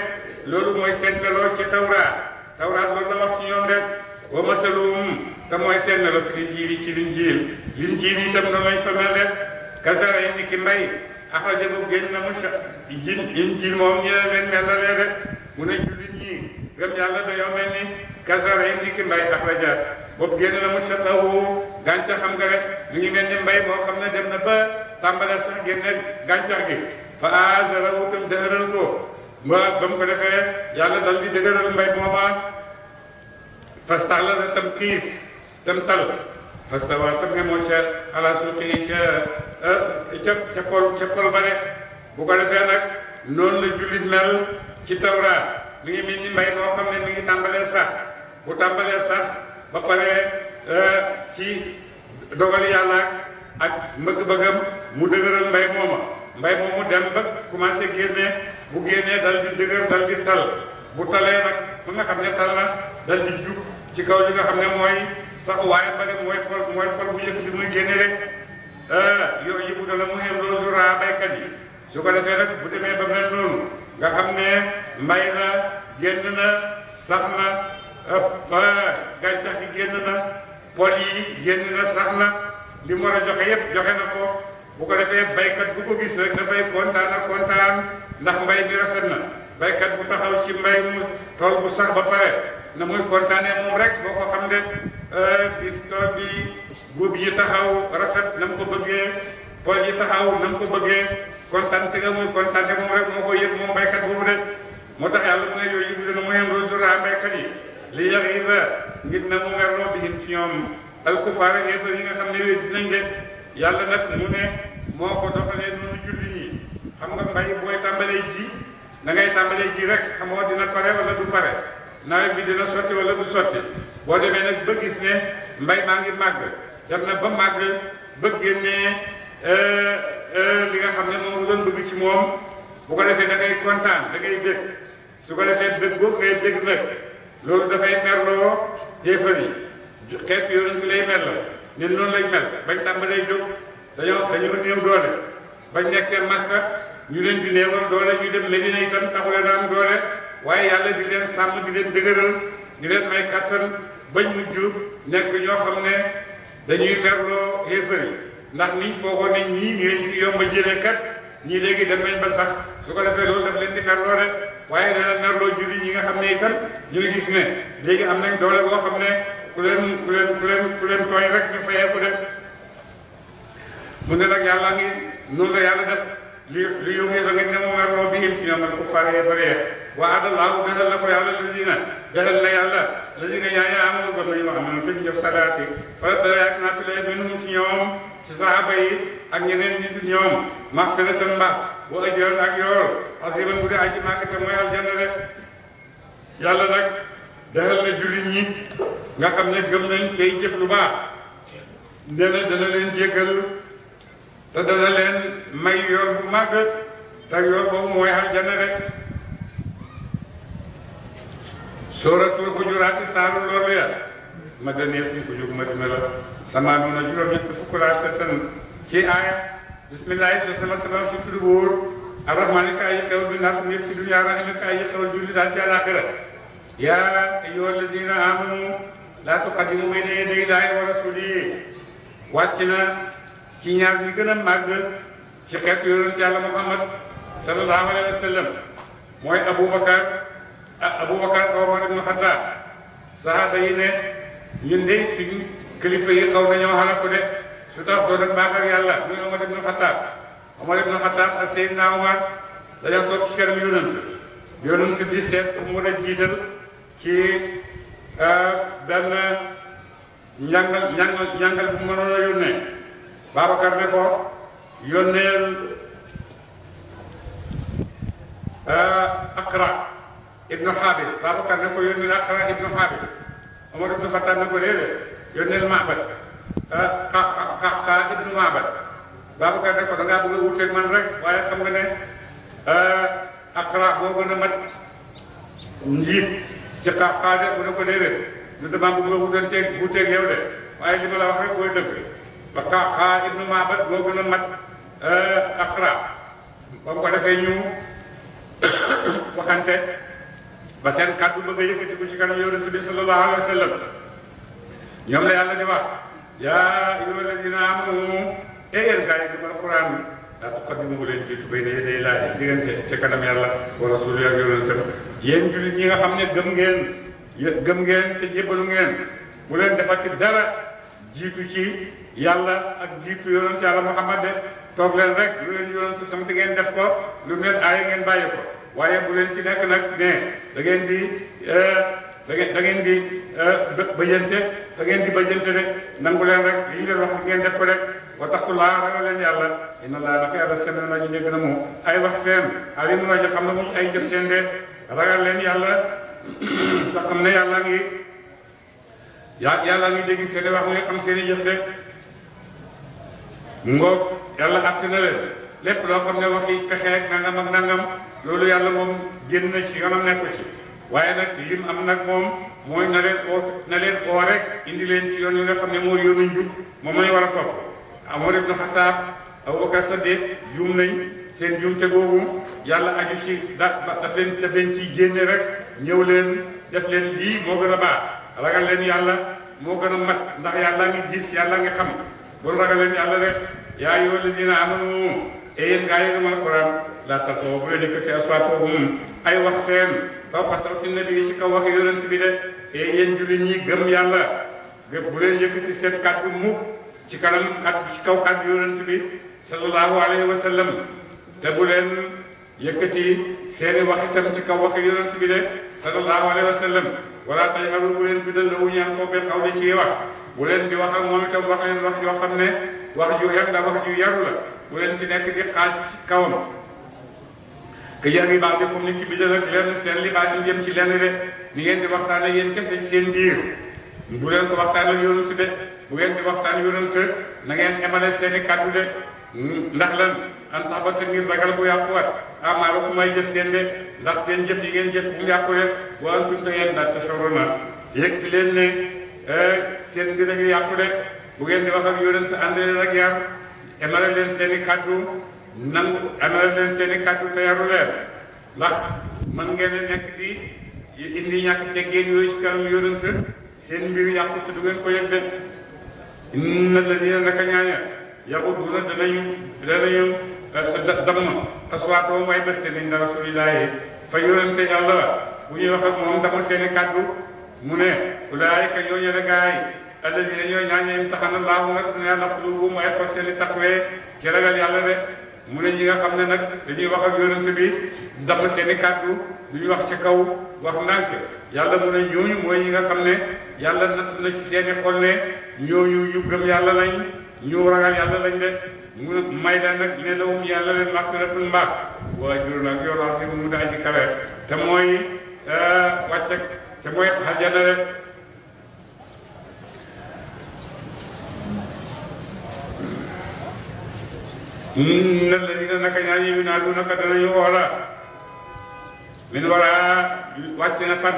loolu mooy seen meloo ci tawraat tawraat loolu la wax ci ñoom rek wa masaluhum te mooy seen la fi linjiil yi ci linjiil linjiil yi tam noonu lañ fa mel rek kazaray ni ki mbay axraja bu génn na mu ji injiil moom ñu ne leen mel la rek mu ne jullit ñi gëm yàlla dañoo mel ni kazaray ni ki mbay axraja boobu génn na mu shatahu gàncaxam nga rek mu ngi mel ni mbay moo xam ne dem na ba tàmbale sax génne gàncax gi fa azarahu tam dëgëral ko ba ba ko defee yàlla dal di dëgëral mbay moomaa fas tax la sa tam kiis tam tal fas tax waa tam yemoo ca ala suuqi ca ca ca kol ca kol bare bu ko defee nag noonu la jullit mel ci tawraat mi ngi mel ni mbay boo xam ne mi ngi tàmbalee sax bu tàmbalee sax ba pare eh, ci dogal yàlla ak mbëgg-bëggam mu dëgëral mbay mooma mbay moomu dem ba commencé génnee bu génnee dal dëgër dal tal bu talee nag ba nga xam ne tal na dal jub ci kaw li nga xam ne mooy sax waaye ba ne mooy pol mooy pol bu njëkk bi muy génne rek ah, yooyu yëpp dana mu yem loolu suraa baykat yi su ko defee nag bu demee ba mel noonu nga xam ne mbay na génn na sax na ah, gàncax gi génn na pol yi génn na sax na li mu war joxe yëpp joxe na ko bu ko defee baykat bu ko gis rek dafay kontaan ak kontaan ndax mbay mi rafet na baykat bu taxaw ci mbay mu tool bu sax ba pare na muy kontaanee moom rek boo ko xam ne puisque euh, bi góob yi taxaw rafet na mu ko bëggee tool yi taxaw na mu ko bëggee kontaan si nga muy kontaan si rek moo ko yëg moom baykat boobu de moo tax yàlla mu ne yooyu yëpp dina mu yëngu suraa baykat yi li yàq yi sa na mu merloo bihim ci ñoom alkufaar yéefar yi nga xam ne yooyu dinañ de yàlla nag mu ne moo ko doxalee noonu julli ñi xam nga mbay booy tàmbalee ji da ngay tàmbalee ji rek xamoo dina pare wala du pare nawet bi dina sotti wala du sotti boo demee nag ba gis ne mbay maa ngi màgg dem na ba màgg ba génnee euh, euh, li nga xam ne moom doon bëgg ci moom bu ko defee da ngay kontaan da ngay dégg su ko defee dégg boobu ngay dégg nag loolu dafay merloo jéefar yi xeetu yonent lay mel la ñun noonu lañ mel bañ tàmbalee jóg dañoo dañoo néew doole bañ nekkee Makka ñu leen di néewal doole ñu dem Medina itam taxu leen am doole waaye yàlla di leen sàmm di leen dëgëral di leen may kattan bañ mujj nekk ñoo xam ne dañuy merloo xéefar yi ndax niñ foogoon ne ñii nii lañ fi yomb a jëlee kat ñii léegi dem nañ ba sax su ko defee loolu daf leen di merloo rek waaye dana merloo julli ñi nga xam ne itam ñu ngi gis ne léegi am nañ doole boo xam ne ku leen ku leen ku leen tooñ rek ñu fayee ko mu ne nag yàlla ngi noonu la yàlla def li li yóbbee da ne mu merloo bi yëm ci ñoom ak waada laahu gasal na ko yàlla lazina gasal na yàlla lazina yaa yaa amul gëm nañu wax naan dañu def salaati wala dara ak naa fi lay ci ñoom ci saaba yi ak ñeneen ñi di ñoom maxfiratan mbax wa ajran ak yoor asiran bu dee aji màkkate mooy aljanna rek yàlla nag defal na jullit ñi nga xam ne gëm nañ leen jéggal te dana leen may yoor bu màgg te yoor boobu mooy aljanna rek sóoratul Hujuraat saaru loolu ya madaniyatun ku jóg Madina la samaanuuna juróom-ñett fukk laa seetaan ci aaya bismillahi sotama salam si tudd wóor arrahmaani kaay yi xew bi naaf ñëpp si dunya rahmi kaay yi xew julli daal ci àllaaxira yaa ayyuha alladina amanu laa tuqaddimu bayna yaday laahi wa rasulihi wàcc na ci ñaar ñi gën a màgg ci xeetu yonent yàlla Muhammad sallallahu alayhi wa mooy Aboubacar ah Aboubacar Omar ibn Khattab saxaaba yi ne ñun de suñu kilifa yi xaw nañoo xalaat ko de su tax soo dem baax ak yàlla muy Omar ibn Khattab Omar ibn Khattab ak Seydina Omar dañoo toog ci kanam yonent yonent di seet mu mën a jiital ci euh, benn njàngal njàngal njàngal bu mënoon a yónnee Babacar ne ko yónneel euh, Akra. ibnu Xaabis Babacar ne ko yónni naa xanaa ibnu Xaabis Omar ibnu Xattaab ne ko déedéet yónneel Maabad ah xa xa xa ibnu Maabad Babacar ne ko da ngaa bëgg a wuuteeg man rek waaye xam nga ne euh, aqra boo gën a mat njiit ci xaaxaa waaye li ma wax rek booy dëgg ba xaaxaa ibnu Maabad boo gën a mat euh, ba mu ko defee ñu waxante. ba seen kàddu ba ba yëkkati ko ci kanam yonent bi wa sallam ñoom la yàlla di wax yaa ayyuha alladina e yi ci kanam yàlla wa jullit ñi nga xam ne gëm ngeen gëm ngeen te jébbalu ngeen bu leen defati dara jiitu ci yàlla ak jiitu yonent yàlla Muhammad de toog leen rek lu leen yonent sant ngeen def ko lu leen aaye ngeen bàyyi ko waye bu len ci nek nak ne da ya ngeen di da ngeen da ngeen di bëjante da ngeen di bëjante rek nangul len rek li len wax ngeen def ko rek wa taqul la ra leen yalla inna la naka yàlla seen na ñu njëkk na mo ay wax seen alimu na xam na mu ay jëf seen de ragal len yalla ta xam na yalla ngi ya yalla ngi degi seen wax ngi xam seen i jëf de ngoog yàlla àtt na leen lépp xam nga waxi pexe ak nangam ak nangam loolu yàlla moom génn na ci yoonam nekku ci waaye nag lim am nag moom mooy na leen oo na leen oo rek indi leen ci yoon yi nga xam ne mooy yoonu njub moom lañ war a topp Amar ibnu Xataab Abubakar Sadiq juum nañ seen juumte googu yàlla aju ci da daf leen daf leen ciy génne rek ñëw leen def leen lii moo gën a baax ragal leen yàlla moo gën a mat ndax yàlla ngi gis yàlla ngi xam bul ragal leen yàlla rek yaa ayyuhaa lladiina aamanu e yéen ngaa yegam alquran laa tasoo bu leen yëkkati aswaatahum ay wax seen fawqa sawti nabi ci kaw wax yonent bi de e yéen jullit ñi gëm yàlla bu leen yëkkati seen kàddu mukk ci kanam kàddu ci kaw kàddu bi sallallahu alayhi wa sallam te bu leen yëkkati seeni wax itam ci kaw wax yonent bi de sallallahu alayhi wa sallam wala a bu leen bi dal lawu ñaan ko bil qawli ci wax bu leen di wax ak moom itam wax leen wax yoo xam ne wax ju yar la wax ju yaru la bu leen si nekk di xaaj ci kawam que yar ribaat bi comme ni ki bidal ak lenn seen libaat yi de ni ngeen di waxtaan ak yéen kese ci seen biir bu leen ko waxtaan ak yonent de bu ngeen di waxtaan emale seen i de ndax lan an tax ba te ngir ragal bu yàquwat ah maa ko may jëf seen de ndax seen jëf yi ngeen jëf bu yàqu de wa antum te yéen daal tashuruun na ne seen mbir de bu ngeen di wax ak yonent ànd leen ak emale leen seen kàddu nangu emale leen seen i kàddu te yaru leen ndax mën ngeen a nekk di indi ñàkk teggeen yooyu ci kanam yonent seen mbir yàqu te du ngeen ko yëg de inna ladina naka ñaaña yaquduna danañu danañu eh, eh, damm aswaatahum ay bët seen inda rasulillahi fa yonent a bu ñuy wax ak moom damm seen kàddu mu ne ulaayika ñooñu la gaay alladina ñooy na imtaxana laahu nag suñu yàlla xulubu mu ay xol seeni taqwee ci ragal yàlla de mu ne ñi nga xam ne nag dañuy wax ak yonent bi damm seeni kàddu duñu wax ci kaw wax ndànk yàlla mun ne ñooñu mooy ñi nga xam ne yàlla natt seeni xol ne ñooñu ñu gëm yàlla lañ ñu ragal yàlla lañ de mu ne may da nag ne lawum yàlla leen maxfiratun mbaax waa juru nag yor wax si mu daa ci kawe te mooy wàcce te mooy xajana de inna alladina naka ñaa ñu naadu naka danañu woola min wala wàcc na fan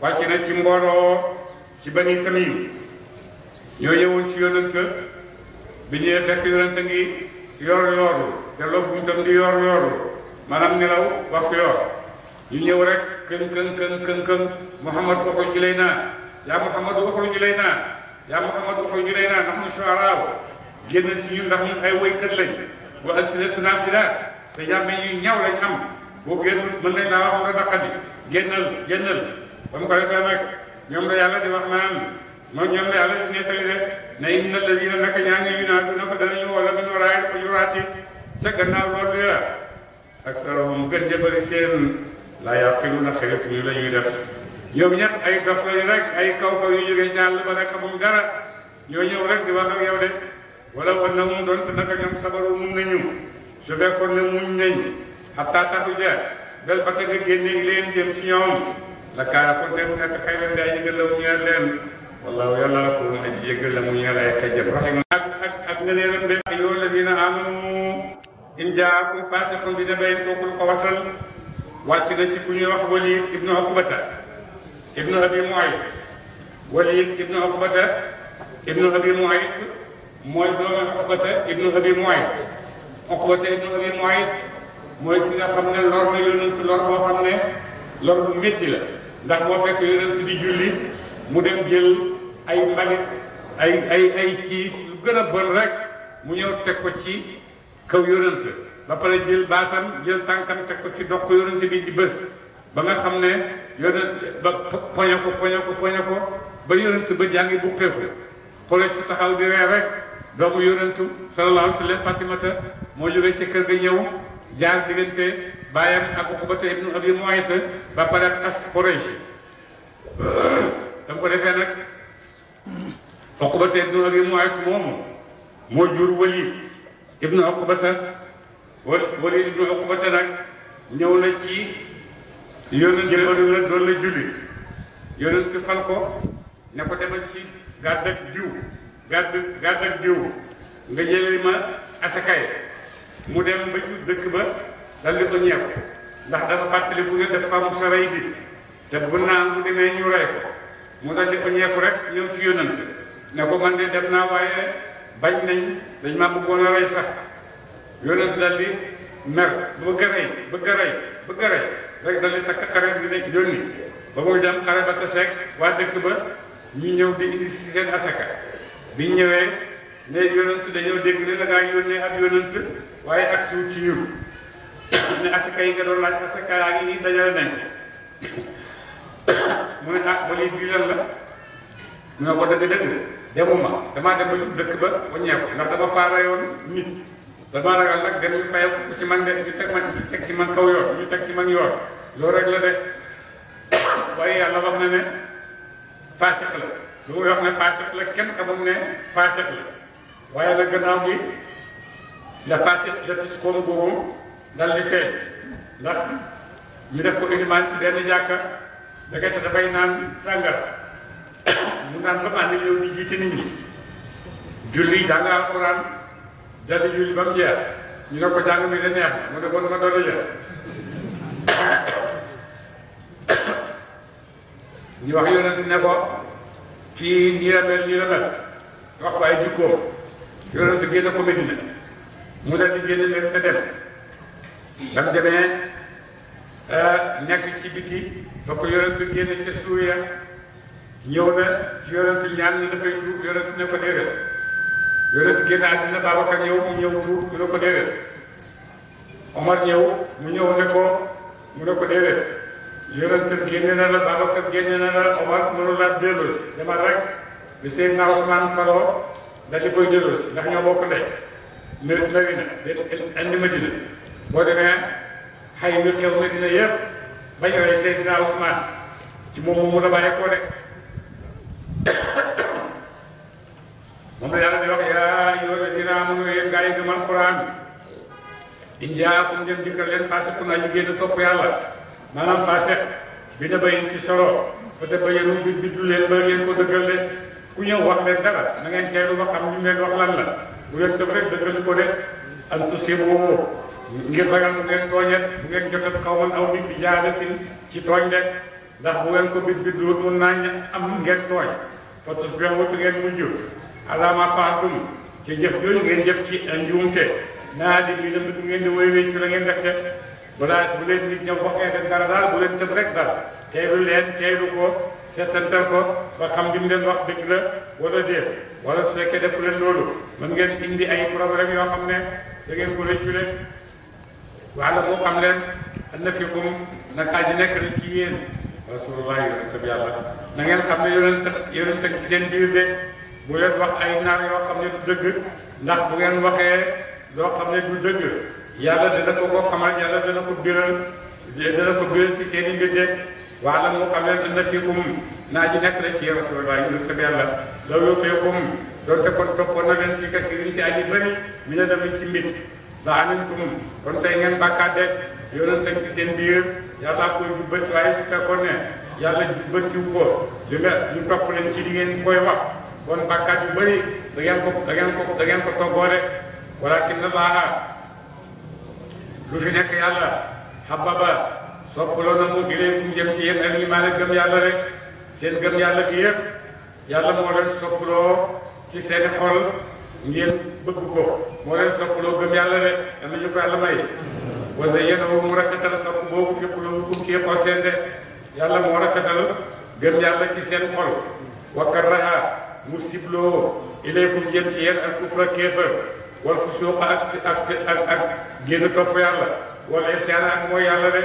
wàcc na ci mbooloo ci bani tamim ñoo ñëwoon ci yonent bi ñuy fekk yonent ngi yor yooru te loolu bu di yor yooru maanaam nelaw waxtu yor ñu ñëw rek kën kën kën kën kën Muhammad waxuñu lay yaa Muhammad waxuñu lay naa yaa génn ci ñun ndax ñun ay woykat lañ wa alsinatuna bilaad te yàmme yu ñaw lañ am boo génn mën nañ laa wax nga naqadi génnal génnal ba mu ko defee nag ñoom la di wax naan moom ñoom la di nettali de ne inna alladina naka ñaa ngi yu naa dina ko danañu wala min waraay ko yuraati ca gannaaw loolu ya ak saroom gën ja seen laa yaqiluuna xerit ñu la ñuy def ñoom ñëpp ay dof lañu rek ay kaw kaw yu jógee ci àll ba nekk moom dara ñoo ñëw rek di wax ak ولو انهم دون تنك نيام صبر مون نيو سو فيكون لي مون ني حتى تاتو جي بل فكك گيني لين ديم سيوم لا كان كنتم نك خير ندا يگل لو نيار لين والله يلا رسول الله يگل لو نيار اي خجب اك اك اك نيرم دي ايو الذين امنوا ان جاءكم فاسق بنبي فوكل قوسل واتي دا سي كوني واخ ولي ابن عقبه ابن ابي معيط وليد ابن عقبه ابن ابي معيط mooy doomu Uqbata ibnu Abi Muayt Uqbata ibnu Abi Muayt mooy ki nga xam ne lor na yonent lor boo xam ne lor bu métti la ndax boo fekk yonent di julli mu dem jël ay mbalit ay ay kiis lu gën a bon rek mu ñëw teg ko ci kaw yonent ba pare jël baatam jël tànkam teg ko ci dox yonent bi di bës ba nga xam ne yonent ba poñe ko poñe ko poñe ko ba yonent ba jàngi bu xeexu si taxaw di ree rek doomu yonentu sallallahu alayhi wa sallam Fatimata moo jógee ci kër ga ñëw jaar diggante bàyyam ak Uqbata ibnu Abi Muayt ba pare as Quraysh dam ko defee nag Uqbata ibnu Abi Muayt moomu moo jur Walid ibnu Uqbata Walid ibnu Uqbata nag ñëw na ci yonent jëbëru la doon la julli yonentu fal ko ne ko demal ci gàdd ak gàtt gàtt ak diw nga jëlee ma asakaay mu dem ba dëkk ba dal di ko ñeew ndax dafa fàttali bu ne dafa am sa bi te bu naa bu ñu rey ko mu dal di ko ñeeku rek ñëw ci yónnant ne ko man de dem naa waaye bañ nañ dañ sax dal mer bëgg a bëgg a bëgg rek dal di takk xare bi nekk yónni ba muy dem ba dëkk ba ñëw di indi si seen asaka biñ ñëwee ne yonent dañoo dégg ne da ngaa yónnee ab yonent waaye ak suuf ci ñun ne asaka yi nga doon laaj asaka yaa ngi nii dajale nañ mu ne ah ba léegi lan la ñu ne ko dëgg dëgg demuma damaa dem ba jub dëkk ba wàññeeku ndax dama faa rayoon nit dama ragal nag dem ñu fayal ko ci man man ci man kaw yoon ñu ci man yoon rek la wax na du wax ne fasik la kenn xamul ne fasik la waaye nag gannaaw gi la fasik la ko boobu dal di feeñ ndax ñu def ko ilimaan ci benn jàkka ndekete dafay naan sàngara mu naan ba ànd ñëw di jiite nit ñi julli jàng alquran dal di julli ba mu jeex ñu ne ko jàng mi de neex mu ne bon ma doon jeex ñu wax yonent ne ko kii nii la nii la wax ko Medina mu dal di génn leen dem ba mu ah, nekk ci biti ba ko yonent génn ca suuya ci yonent ñaan ni dafay tuub yonent ne ko déedéet yonent génn àddina Babacar ñëw mu ñëw tuub mu ne ko yonentam génne na la Babacar génne na la Omar mënu la dellu demal rek bi Seydina Ousmane faroo daal di koy dellu si ndax ñoo bokk ndey mbir Madina indi Madina boo demee xay yu xew Madina yëpp bañ rey Seydina Ousmane ci moom moomu la bàyyi ko rek moom la yàlla di wax yaa ayyuhaa llaziina aamanu yéen gaa yi gëm Alxuraan in jaakum ngeen dikkal leen faasiqun aji génn topp yàlla manam fasek bi da bayin ci solo fa te bayanu bi biddu leen ba ngeen ko deugal de ku ñew wax leen dara na ngeen teelu ba xam ñu leen wax lan la bu ngeen tëb rek deugal ko de an tusi boobu ngeen ragal bu ngeen tooñet bu ngeen jotat xawman aw bi bi jaadatin ci tooñ de ndax bu ngeen ko bi biddu du nañ am ngeen tooñ fa tus bi wutu ngeen ala alama faatul ci jëf jooju ngeen jëf ci njuumte naa di bi na ngeen di woy ci la ngeen def de bu laa bu leen nit ña waxee leen dara daal bu leen tëb rek leen teelu leen teelu ko seetantal ko ba xam li mu leen wax dëgg la wala déet wala su fekkee def leen loolu mën ngeen indi ay problème yoo xam ne da ngeen ko récolté waaye nag moo xam leen na fi kum naka ji nekk na ci yéen rasulullah yonent bi yàlla na ngeen xam ne yonent yonent ci seen biir de bu leen wax ay naar yoo xam ne du dëgg ndax bu ngeen waxee loo xam ne du dëgg. yàlla dina ko ko xamal yàlla dina ko biral dina ko biral ci seen i mbir de waaye nag moo xam ne dina fi um naa ji nekk de ci yow Rasulullah ñun tam yàlla loolu fee um doonte kon toppoon na leen si kasirin ci aji bëri mi ne dem ci mbir daa nañ ko moom kon tey ngeen bàkkaat de yonent ak ci seen biir yàlla koy jubbanti waaye su fekkoon ne yàlla jubbantiwu ko li nga ñu topp leen ci li ngeen koy wax kon bàkkaat yu bëri da ngeen ko da ngeen ko da ngeen ko toggoore walakin na laaha lu fi nekk yàlla xababa soppaloo na mu gileekum jëm ci yéen ak ñi maa gëm yàlla rek seen gëm yàlla bi yëpp yàlla moo leen soppaloo ci seen xol ngeen bëgg ko moo leen soppaloo gëm yàlla rek yàlla ñu ko yàlla may wasa yéen woo mu rafetal sopp boobu fépp lu kum kii xol seen de yàlla moo rafetal gëm yàlla ci seen xol wa karaha mu sibloo ileekum jëm ci yéen ak kufra kéefër wal fu suuqa ak ak ak ak génn topp yàlla wala isyaana ak mooy yàlla de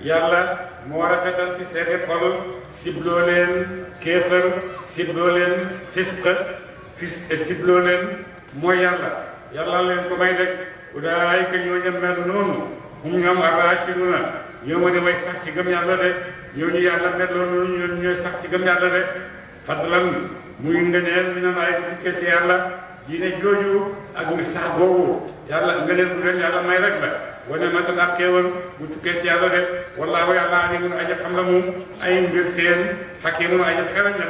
yàlla moo rafetal ci seeni xol sibloo leen kéefër sibloo leen fisq fis eh, sibloo leen mooy yàlla yàlla leen ko may rek ulaayka ñooñu mel noonu hum ñoom ar-raashiduna ñoo ma demay sax ci gëm yàlla de ñooñu yàlla mel noonu ñooñu sax ci gëm yàlla de fadlan muy ngëneel mi nan ay tukkee ci yàlla diine jooju ak mi sax boobu yàlla nga leen leen yàlla may rek la wane ma tax ak xéewal bu tukkee si yàlla def wallaahu yàlla alimun aji xam la moom ay mbir seen xakimun aji xeran la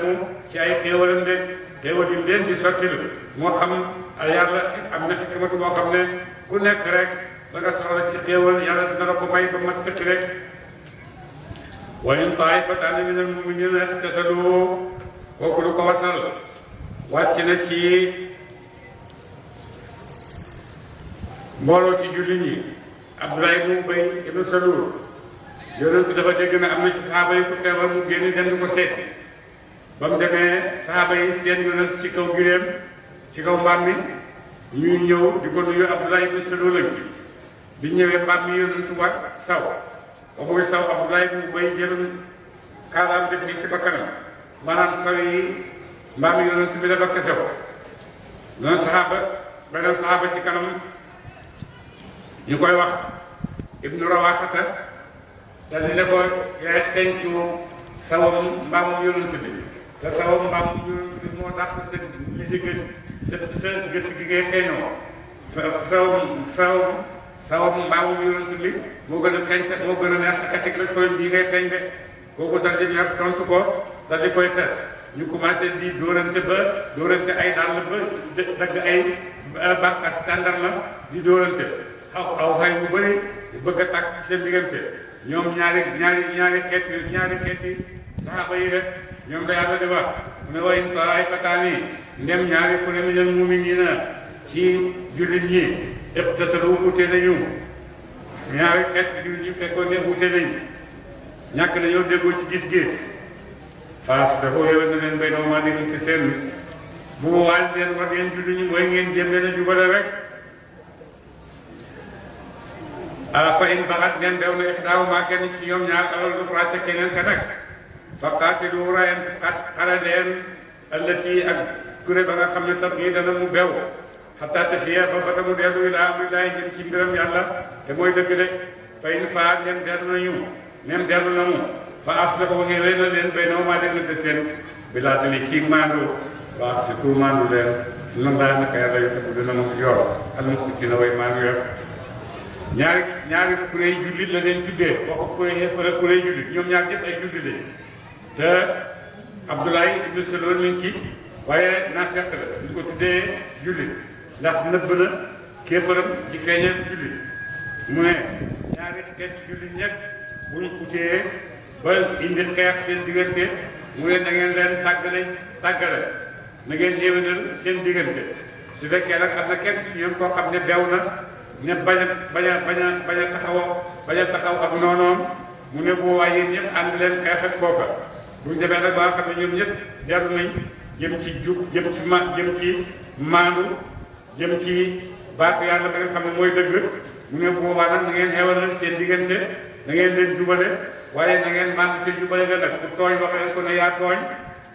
ci ay xéewalam de xéewal yi leen di sottil moo xam yàlla am na xikmatu boo xam ne ku nekk rek da nga soxla ci xéewal yàlla dina la ko may ba mat sëkk wa in taifatan min al muminina iqtatalu kooku lu ko wasal wàcc na ci mbolo ci jullit ni Abdoulaye ibnu Ubay ibn Salul yoro ko dafa dégg na amna ci sahaba yi ko febar mu génn dem ko set bam mu sahaba yi seen yoro ci kaw giréem ci kaw mbaam ñu ñew ñëw di ko nuyu Abdoulaye ibn Salul ak ci bi ñewé mbaam yoro ci wat saw ba ko saw Abdoulaye ibnu Ubay jël kaalaam def ni ci bakkan manam saw yi mbaam yoro ci bi dafa kese ko dana saxaaba beneen saxaaba ci kanam ñu koy wax ibnu rawaxata dañu ne ko yaay tencu sawam mbaamu yonent bi te sawam mbaamu yonent bi moo dàq seen li bi moo gën a xeeñ sa moo gën a neex sa la koy bii ngay xeeñ de kooku dal di ñor tontu ko dal di koy tes ñu commencé di dóorante ba dóorante ay dàll ba dagg ay bànqaas tàndar la di dóorante aw xay bu bëri bëgg a tàkk ci seen diggante ñoom ñaari ñaari ñaari xeet yi ñaari xeet yi saxaaba yi rek ñoom da yàlla di wax mu ne wa in taa'ifataani ndem ñaari ku ne minal mu'miniina ci jullit ñi iqtatalu wute nañu ñaari xeet jullit ñi fekkoon ne wute nañu ñàkk nañoo déggoo ci gis-gis faas dafa yowet na leen bay doomaa dégg ci seen bu waal leen war ngeen jullit ñi mooy ngeen jéem leen a jubale rek fa in baxat nen dew na ixdaahuma kenn ci ñoom ñaar alal uxraa ca keneen ka nag fa qaatilu rayen xare leen allati ak kuré ba nga xam tab yi dana mu bew xataa tafiya ba bata mu dellu ilaa amrillahi jëm ci mbiram yàlla te mooy dëgg de fa in faat nen dellu nañu nen dellu nañu fa asna ko ngeen leen leen bay na maa dégg de seen bilaa dali kii maandu wa ak surtout maandu leen lan laa naka yàlla yokk dina ma ko al muxsitina way maandu ñaari ñaari kuréel jullit la leen tuddee waxu kuréel xeefara kuréel jullit ñoom ñaar ñëpp ay jullit lañ te Abdoulaye ibnu Saloon lañ ci waaye naafeq la ñu ko tuddee jullit ndax nëbb na kéefaram ci feeñal jullit mu ne ñaari xeet jullit ñett bu ñu utee ba indi xeex seen diggante mu ne na ngeen leen tàggale tàggale na ngeen yéwénal seen diggante su fekkee nag am na kenn si ñoom koo xam ne bew na ne bañ a bañ baña bañ a bañ a taxawoo bañ a mu ne boobaa yéen ñëpp ànd leen xeex ak kooka bu ñu demee nag ba nga xam ne ñëpp dellu nañ jëm ci jub jëm ci ma jëm ci maandu jëm ci baatu yàlla ba nga xam mooy dëgg mu ne boobaa nag na ngeen xewal seen diggante na ngeen leen jubale waaye na ngeen maandu ci jubale nga nag ku tooñ wax leen ko ne yaa tooñ.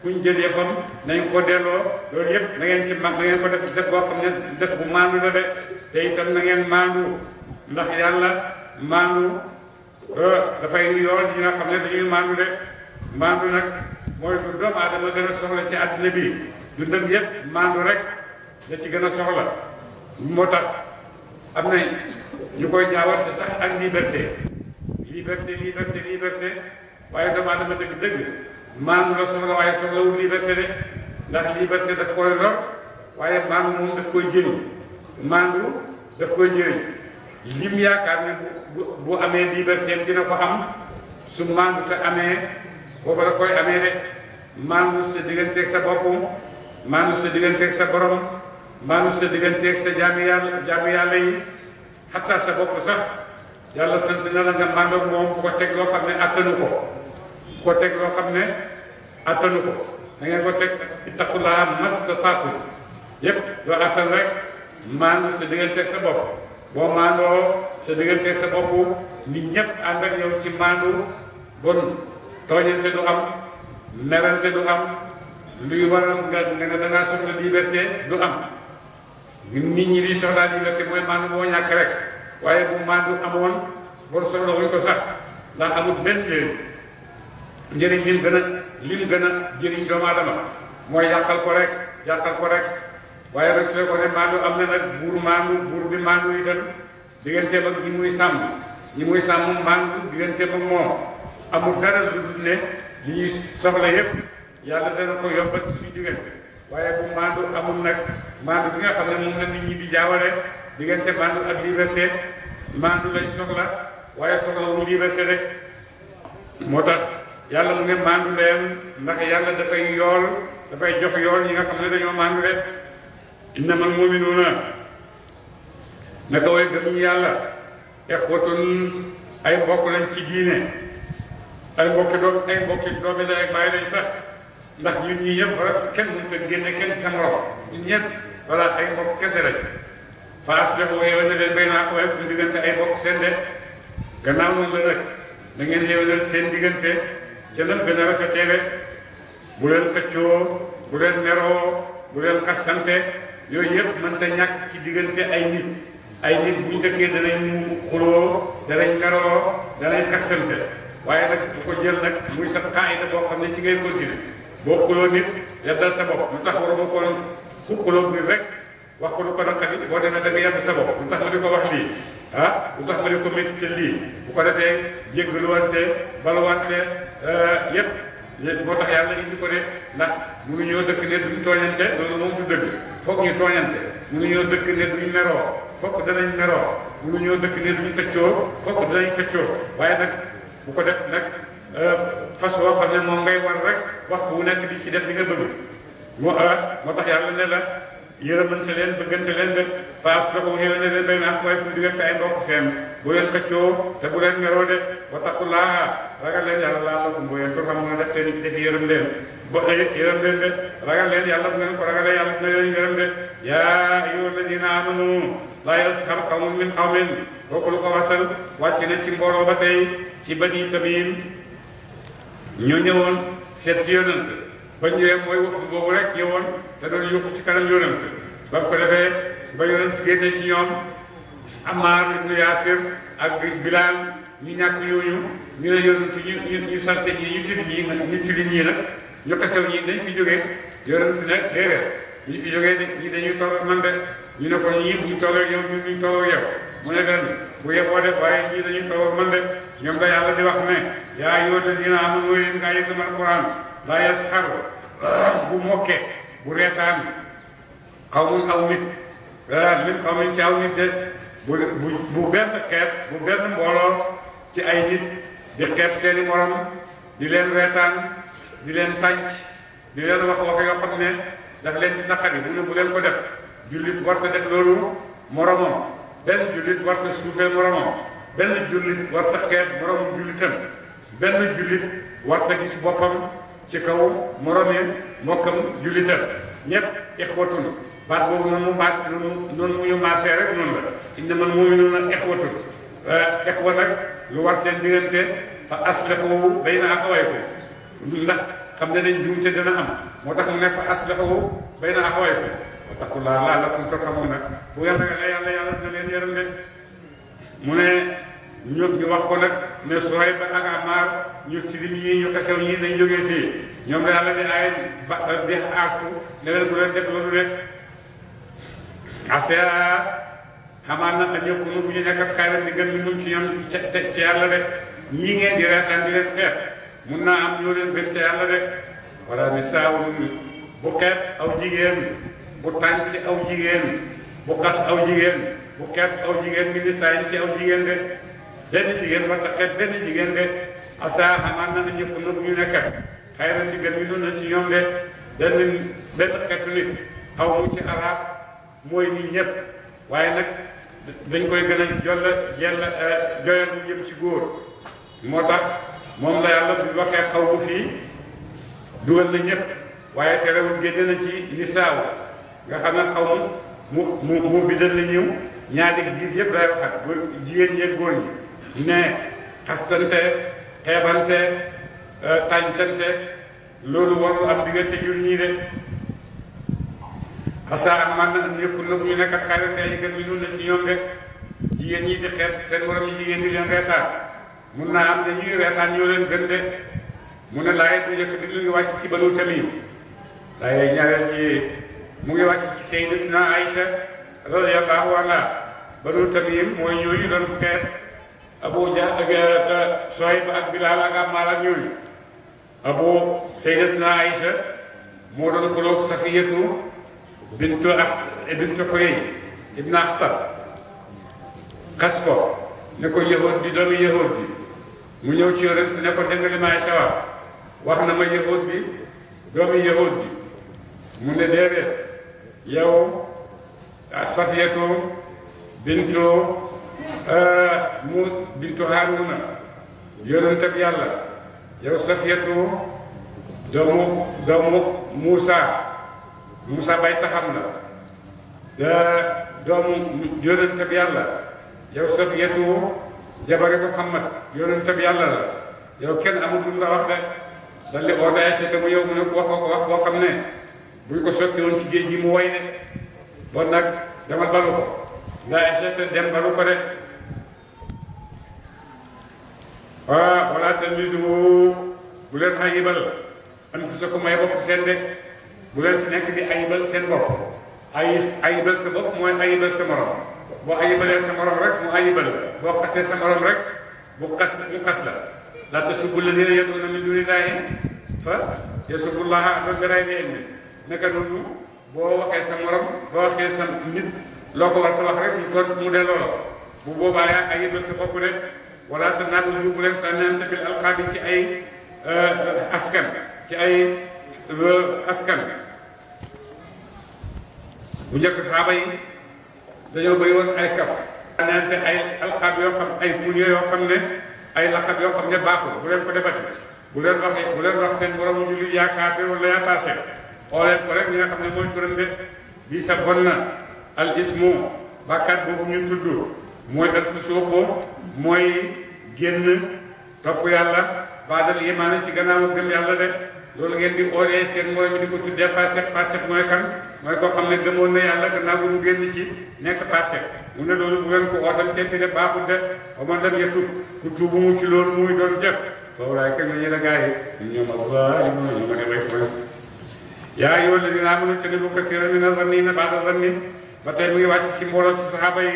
kuñ jëlé fam nañ ko délo lool yépp na ngeen ci mag na ngeen ko def def boo xam def bu maandu la dé te itam na ngeen maandu ndax yalla maandu dafay yool ñi nga xam ne dañuy maandu de maandu nag mooy lu doomu aadama gën a soxla ci aduna bi du dundam yépp maandu rek da ci gëna soxla motax amna ñu koy jaawal ci sax ak liberté liberté liberté liberté waye dama dama dëgg dëgg maam la soxla waaye soxlawul liberté de ndax liberté daf koy lor waaye maam moom daf koy jëriñ maandu daf koy jëriñ lim yaakaar ne bu bu amee liberté dina ko am su maandu te amee boobu la koy amee de maandu sa digganteeg sa boppam maandu sa digganteeg sa borom maandu sa digganteeg sa jaami yàlla yàlla yi xataa sa bopp sax yàlla sant la nga maandoog moom ko teg loo xam ne attanu ko. ko tek lo xamne ne ko da ngeen ko tek ittaqullah mastataatum yep do attan rek maandu sa diggante sa bopp boo maandoo sa diggante sa bop ni ñep and ak yow ci maandu bon tooñante du am merante du am luy waral nga nga da ngaa soxla liberté du am nit ñi di soxlaa liberté moy maandu bo ñak rek waye bu maandu amone bon soxla ko sax da amul benn njëriñ lim gën a lim gën a jëriñ doomu aadama mooy yàqal ko rek yàqal ko rek waaye nag su fekkoon ne maandu am na nag buur maandu buur bi maandu itam digganteem muy sàmm ñi muy sàmm maandu digganteem ak moom amul dara lu soxla yépp yàlla dana ko yombal diggante waaye bu maandu amul nag di jaawale diggante maandu ak liberté maandu lañ soxla waaye soxlawul liberté rek moo tax yalla mu ne mandu leen ndax da fay yool fay jox yool ñi nga xam ne dañoo mandu inna man mu'minuna naka way gëm yalla yalla exwatun ay mbokk lañ ci diine ay mbokk do ay mbokk do mi lay bay lay sax ndax ñun ñi ñëpp rek kenn mu ko génne kenn sa morom ñun ñëpp wala ay mbokk kese lañ faas def yeewal wala leen bayna naa ko diggante ay mbokk seen de gannaaw moom la rek da ngeen yewal seen digënté ca nam gën a rafetee rek bu leen xëccoo bu leen meroo bu leen xastante yooyu yëpp mënta ñàkk ci diggante ay nit ay nit buñ dëkkee danañ xuloo danañ meroo danañ xastante waaye nag bu ko jël nag muy sa xaayida boo xam ne ci ngay continuer boo xuloo nit yaddal sa bopp lu tax waruma ko xuloo bi rek wax ko lu ko naqari boo demee da nga yàq sa bopp lu tax ma di ko wax lii ah lu tax ma di ko métti lii bu ko defee jéggaluwante baluwante eh, yépp yépp boo tax yàlla indi ko de ndax mënu ñoo dëkk ne duñ tooñante loolu moom du dëgg foog ñu tooñante mënu ñoo dëkk ne duñ meroo fokk danañ meroo mënu ñoo dëkk ne duñ xëccoo fokk danañ xëccoo waaye nag bu ko def nag eh, fas woo xam ne moom ngay war rek waxtu wu nekk di ci def li nga bëgg moo eh, moo tax yërëmante leen bëggante leen dëkk faas la ko yéene leen bay naa mooy suñu diggante ay mbokk seen bu leen xëccoo te bu leen ngeroo de wattaqullaaha ragal leen yàlla laa lakum bu ngeen ko xam nga def seen i def yërëm leen ba yërëm leen de ragal leen yàlla bu ngeen ko ragalee yàlla dina leen yërëm de yaa ayyuha alladiina aamanu laa yasxar qawmun wasal wàcc ci mbooloo ba tey ci Bani Tamim ñu ñëwoon seet si yonent ba ñëwee mooy wëf boobu rek ñëwoon te doon yóbbu ci kanam yonent ba mu ko defee ba yonent génne ci ñoom Ammaar ibnu Yaasir ak Bilaal ñu ñàkk ñooñu ñu ne yonent ñu ñu sant ñi ñu tidd ñii ñu tidd ñii nag ñu kasew ñii dañ fi jógee yonent nag déedéet ñu fi jógee ñi dañuy toog man de ñu ne ko ñii ñu toog ak yow ñun ñu toog ak yow mu ne leen bu yeboo def waaye ñii dañuy toog ak man de ñoom la yàlla di wax ne yaa ayyuhaa llaziina aamanuu in kaa yutlamal qur'aan la yasxar bu mokke bu reetaan xawmun aw nit min xawmin ci aw nit de bu bu benn xeet bu benn mbooloo ci ay nit di xeeb seeni morom di leen reetaan di leen tànc di leen wax wax yoo xam ne daf leen di naqari bu ne bu leen ko def jullit warta def loolu moromam benn jullit warta suufee moromam benn jullit warta gis ci kaw moromeem mbokkam jullitam ñëpp ixwatun baat boobu noonu mu maas noonu mu ñu maasee rek noonu la inna man muminuuna ixwatun ixwa nag lu war seen diggante fa aslihu bayna axawaykum ndax xam ne dañ juumte dana am moo mu ne fa aslihu bayna axawaykum wattaqullaaha la'allakum turhamuun nag bu ngeen yàlla yàlla dina leen yërëm de mu ne ñoom ñu wax ko nag ne sooy ba ak amaar ñu ci lim ñii ñu xesew ñii dañ jógee fii ñoom la yàlla di aay ba di aartu ne leen bu leen def loolu rek aseera xamaan na an yokku bu ñu nekk ak xayran gën ñun ci ñoom ci yàlla rek ñii ngeen di reetaan di leen xeet naa am leen gën ci yàlla rek bu xeet aw jigéen bu tànn ci aw jigéen bu xas aw jigéen bu xeet aw jigéen mi ni saañ ci aw jigéen rek benn jigéen ba taqet benn jigéen de asa xamaan na na ñëpp noonu ñu nekkat xayran ci gën mi noonu na ci ñoom de benn benn xeetu nit aw mu ci arab mooy ni ñëpp waaye nag dañ koy gën a jolla jella euh, ci góor moo tax moom la yàlla bu waxee xaw bu fii dugal na ñëpp waaye terewul génne na ci nisaaw nga xam ne xaw mu mu mu biddal na ñëw ñaari biir yëpp lay waxat góor jigéen ñeeg góor ñi ne xastante xeebante tàncante loolu warul am diggante jur ñii de xasaara man na ñëpp nag ñu nekk ak xarante yi gën ñu na ci ñoom de jigéen ñi di xeet seen waram yi jigéen di leen reetaan mun naa am dañuy reetaan ñoo leen gën de mu ne laayet bu njëkk bi mu ngi wàcc ci banu tamim laayee ñaareel ji mu ngi wàcc ci sayyidatuna Aïcha radiyallahu anha banu tamim mooy ñooñu doon xeet ابو جا اگر صاحب اگ بلالا کا مالا نیول ابو سیدتنا عائشہ مودن خلوق سفیتو بنت اخت ابن تقوی ابن اخت قصفو نکو یہود بی دوم یہود بی منیو چیرن تنکو دنگل ما ایسا وار وحنا ما یہود بی دوم یہود بی منی دیرے یو سفیتو بنتو mu bintu Haaruna yonent ak yàlla yow Safiyatu doomu doomu Muusa Muusa bay taxam la da doomu yonent ak yàlla yow Safiyatu jabare Muhammad yonent ak yàlla la yow kenn amatul la wax de dalli oodaay si te mu yow mu wax wax boo xam buñ ko sotti woon ci géej gi mu woy de bon nag dama balu ko daa seetaan dem ba lu ko def waaw wala talmizu bu leen ayibal anfusakum may bopp seen de bu leen fi nekk di ayibal seen bopp ay ayibal sa bopp mooy ayibal sa morom boo ayibalee sa morom rek mu ayibal boo xasee sa morom rek bu xas bu xas la laa tasubbu lazina yad'una min duni llaahi fa yasubbu llaaha addan bi ghayri ilmin naka noonu boo waxee sa morom boo waxee sa nit loo ko war sa wax rek mu toog mu delloo la bu boobaa yaa ay yëgal sa bopp rek wala te naan lu bu leen sànnaan sa bil alqaabi ci ay euh, askan ci ay euh, askan bu njëkk saaba yi dañoo bëri woon ay kaf sànnaante ay alxaab yoo xam ay muñe yoo xam ne ay laxab yoo xam ne baaxul bu leen ko defati bu leen waxee bu leen wax seen moromu jullit yaa kaafir wala yaa faase oo leen ko rek ñi nga xam ne mooy turante bi sa bon na al ismu bàkkaat boobu ñu tudd mooy al fusuuqu mooy génn topp yàlla baadal imaana ci gannaaw gëm yàlla rek loolu ngeen di ooree seen mooy mi di ko tuddee fasek fasek mooy kan mooy koo xam ne gëmoon na yàlla gannaaw mu génn ci nekk fasek mu ne loolu bu ngeen ko ootam te fi de baaxul de ba man lam yetub ku tuubu mu ci loolu muy doon jëf foofu laay kenn ñu la gaa yi ñoom alzalimun ñu ma ne way mooy yaa ayyuha alladina amanu ijtanibu kasiran min azanni baada zanni ba tey mu ngi wàcc ci mbooloo ci saxaaba yi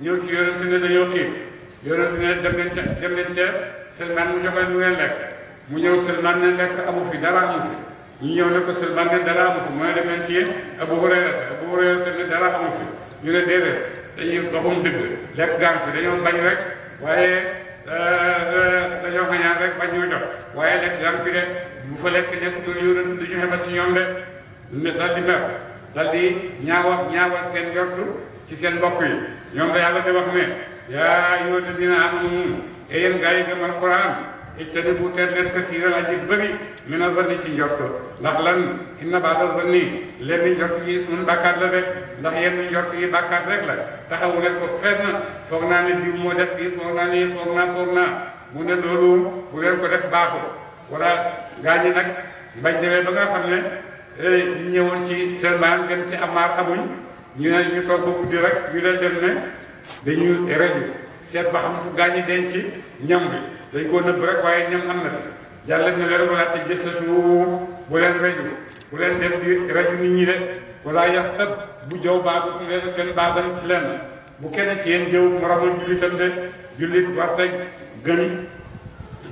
ñëw ci yonente ne dañoo xiif yonente ne dem leen ca mu jox leen mu ngeen lekk mu ñëw Salmaan lekk amu fi dara amu fi ñu ñëw ne ko Salmaan ne dara amu fi mu ne dem leen ci Abu ñu ne déedéet dañuy doxum dëgg lekk gaan fi dañoo bañ rek waaye euh, euh, dañoo xañaan rek bañ ñoo lekk lekk nekk doon yonente du ñu xebal ci ñoom de ne mer dal di ñaawal ñaawal seen jortu ci seen mbokk yi ñoom da yàlla di wax ne yaa yoo da dina amanu e gaa yi gëm alquran ijtanibu teen leen kasiiran aji bëri mina zanni ci njortu ndax lan inna baada zanni lenn njort yi suñu bàkkaat la rek ndax yenn njort yi bàkkaat rek la taxawu leen ko fenn foog naa ne diw moo def bii foog naa ne foog naa foog naa mu ne loolu bu leen ko def baaxu a gaa ñi nag bañ demee ba nga xam ne ñu eh, ñëwoon ci Salman dem ci Amar amuñ ñu ne ñu toog ba guddi rek ñu leen dem ne dañuy reju seet ba xam fu gaañ denc ñam bi dañ koo nëbb rek waaye ñam am na fi yàlla ne leen wala te gëstu suuf bu leen reju bu leen dem di reju nit ñi de wala yax ëpp bu jaww baagu leen seen baagal ci lenn bu kenn ci yéen jëw moromu jullitam de jullit warta gën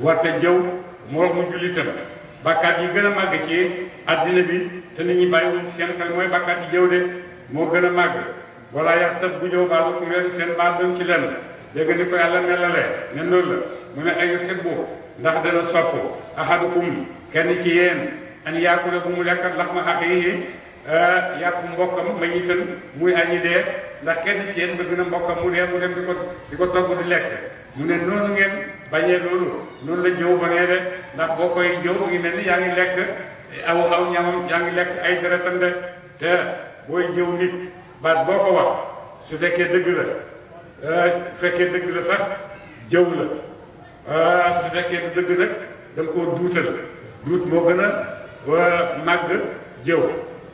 warta jëw moromu jullitam bàkkaat yi gën a màgg ci addina bi te nit ñi bàyyi wuñ seen xel mooy bàkkaat yi jëw de moo gën a màgg wala yax tab bu jëw baatu ku ngeen seen baat doon ci lenn dégg ni ko yàlla melalee ne noonu la mu ne ay xibbu ndax dana sopp ahadukum kenn ci yéen an yàkku bu mu lekkat lax ma axiihi ah, yàpp mbokkam ma ñi tën muy añi dee ndax kenn ci yéen bëgg na mbokkam mu dee mu dem di ko di ko togg di lekk mu ne noonu ngeen bañee loolu noonu la jëw ba nee de ndax boo koy jëw mu ngi mel yaa ngi lekk aw aw ñamam yaa ngi lekk ay deretam de te booy jëw nit baat boo ko wax su fekkee dëgg la euh, su fekkee dëgg la sax jëw la euh, su fekkee du dëgg nag da koo duutal duut moo gën a euh, màgg jëw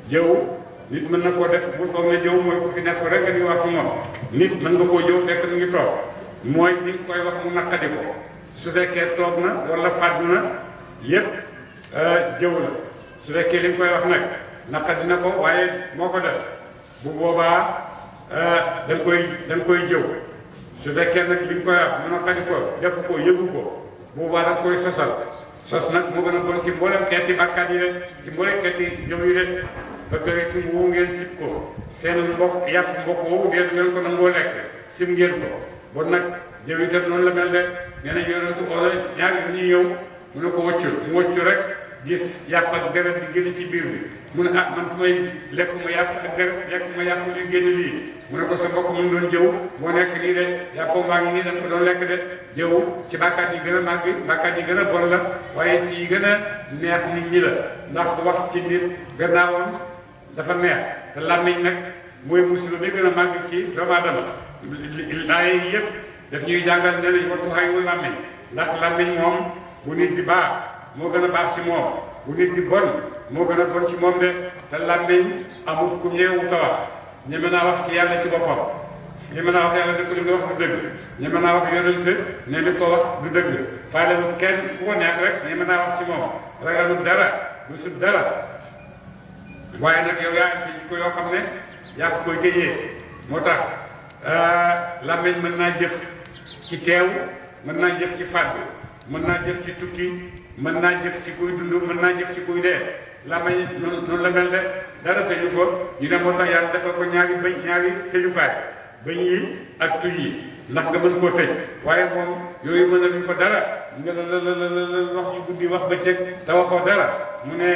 jëw nit mën na koo def bu foog ne jëw mooy ku fi nekk rek di wax moom nit mën nga koo jëw fekk mu ngi toog mooy ni nga koy wax mu naqadi ko su fekkee toog na wala fàddu na yépp euh, jëw la su fekkee li nga koy wax nag naqadi na ko waaye moo ko def bu boobaa euh, da nga koy da koy jëw su fekkee nag li nga koy wax ko def ko yëgu ko boobaa da koy sosal sos nag moo gën a bon ci mboolem xeeti bàkkaat yi rek ci mboolem xeeti jëw yi rek ba pare tur woowu ngeen sib ko seen mbokk yàpp mbokk woowu ngeen ngeen ko nangoo lekk sib ngeen ko bon nag jëwi kat noonu la mel de nee na yonent ola ñaari bi ñuy ñëw mu ne ko wëccu gis yàpp ak deret di ci biir bi mu ne ah man fu may lekk mu ne ko sa mbokk mu doon jëw boo nekk nii de yàppam waa ngi nii dañ ko doon lekk de jëw ci bàkkaat yi gën a màgg bàkkaat yi gën a bon la waaye ci yi gën a neex nit ñi la ndax wax ci nit gannaawam dafa neex te làmmiñ nag mooy musiba mi gën a màgg ci doomu aadama laay yëpp def ñuy jàngal ne nañ wartu xay wu làmmiñ ndax làmmiñ moom bu nit baax moo gën a baax ci moom bu nit di bon moo gën a bon ci moom de te làmmiñ amul ku ñeewu ta wax ñi mën naa wax ci yàlla ci boppam ñi mën naa wax yàlla ne ko li wax du dëgg ñi naa wax yonente ne li ko wax du dëgg faale kenn ku ko neex rek ñi mën naa wax ci moom ragalul dara du sut dara waaye nag yow yaa ngi fi ko yoo xam ne yaa ko koy tëjee moo tax euh, làmmiñ mën naa jëf ci teew mën naa jëf ci fàdd mën naa jëf ci tukki mën naa jëf ci kuy dund mën naa jëf ci kuy dee làmmiñ noonu noonu de dara tëju ko ñu ne moo tax yàlla dafa ko ñaari bëñ ñaari tëjukaay bëñ yi ak tuñ yi ndax nga mën koo tëj waaye moom yooyu mën a ko dara nga la la la la wax ñu guddi wax bëccëg te waxoo dara mu ne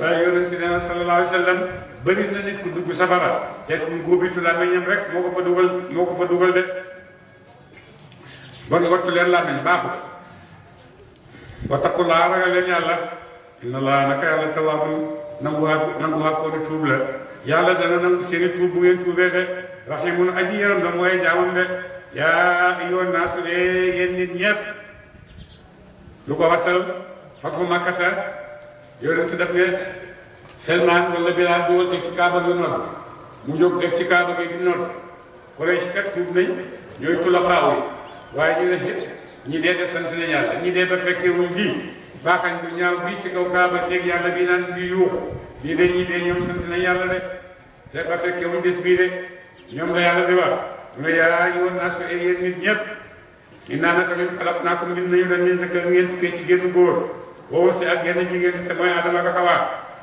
waaye yonent nee na sallallahu alayhi wa sallam bëri na nit ku dugg safara te mu góobitu làmmiñam rek moo ko fa dugal moo ko fa dugal de bon wattu leen làmmiñ baaxul wattaqullaa ragal leen yàlla inna laa naka yàlla tawaabu nanguwaa nanguwaa koo di tuub la yàlla dana nangu seeni tuub bu ngeen tuubee de raximun aji yaram la mooy jaamam de yaa ayyuhan naas de yéen nit ñépp lu ko wasal fatxu makkata yonent daf ne Selmaan wala Bilaal du woon def ci kaaba nga nodd mu jóg def ci kaaba gi di nodd Quraysh kat waaye ñu ne jëpp ñi dee ñi dee ba fekkewul ci kaw kaaba néeg bi naan bi yuuxu ñii de ñii dee ñoom sant yàlla de te ba fekkewul bis bii de ñoom la yàlla di wax ñu yaa ayyuhan naasu ay yéen nit ñëpp innaa naka ñun xalaqnaakum bind nañu leen min ci génn góor woowu si ak génn jigéen te mooy Adama ak Xawaa